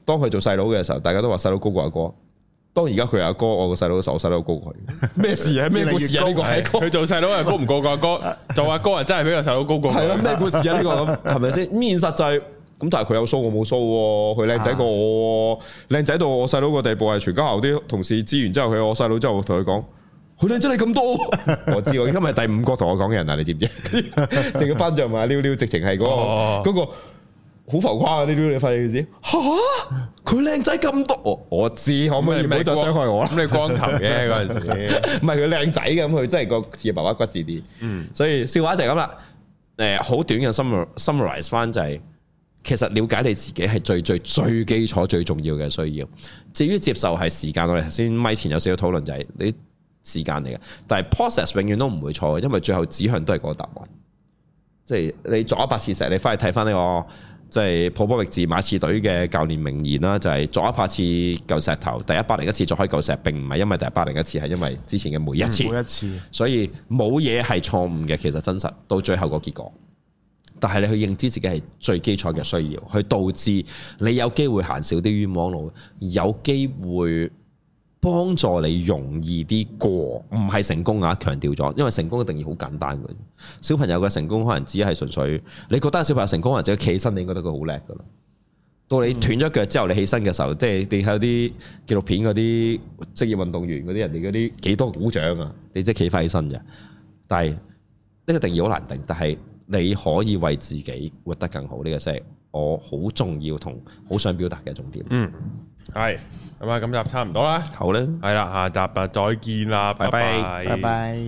當佢做細佬嘅時候，大家都話細佬高過阿哥。當而家佢係阿哥，我個細佬嘅時候，我細佬高過佢。咩事咩故事啊？佢做細佬係高唔過個阿哥，做阿哥係真係比個細佬高過。係咯？咩故事啊？呢個咁係咪先？面實就係。咁但係佢有須，我冇須喎。佢靚仔過我，靚仔到我細佬個地步，係全家。校啲同事知完之後，佢我細佬之後同佢講，佢靚仔你咁多，我知我而家係第五個同我講嘅人啊，你知唔知？成個班長話溜溜直情係嗰個嗰個好浮誇啲撩你，發現唔知嚇？佢靚仔咁多，我知，可唔可以唔好再傷害我？諗你光頭嘅嗰陣時，唔係佢靚仔嘅，咁佢真係個似爸爸骨子啲。嗯，所以笑話就係咁啦。誒，好短嘅 summarize 翻就係。其實了解你自己係最最最基礎最重要嘅需要。至於接受係時間，我哋頭先咪前有少少討論，就係你時間嚟嘅，但係 process 永遠都唔會錯，因為最後指向都係嗰個答案。即係你做一百次石，你翻去睇翻呢個即係普波維奇馬刺隊嘅教練名言啦，就係做一百次舊石頭，第一百零一次再開舊石，並唔係因為第一百零一次，係因為之前嘅每一次。每一次，所以冇嘢係錯誤嘅。其實真實到最後個結果。但係你去認知自己係最基礎嘅需要，去導致你有機會行少啲冤枉路，有機會幫助你容易啲過。唔係成功啊！強調咗，因為成功嘅定義好簡單嘅。小朋友嘅成功可能只係純粹，你覺得小朋友成功，或者企起身，你應該覺得佢好叻㗎喇。到你斷咗腳之後，你起身嘅時候，即係啲有啲紀錄片嗰啲職業運動員嗰啲人哋嗰啲幾多鼓掌啊？你即係企翻起身嘅。但係呢個定義好難定，但係。你可以為自己活得更好，呢個先係我好重要同好想表達嘅重點。嗯，係，咁啊，今集差唔多啦，好啦吧，係啦，下集啊，再見啦，拜拜，拜拜。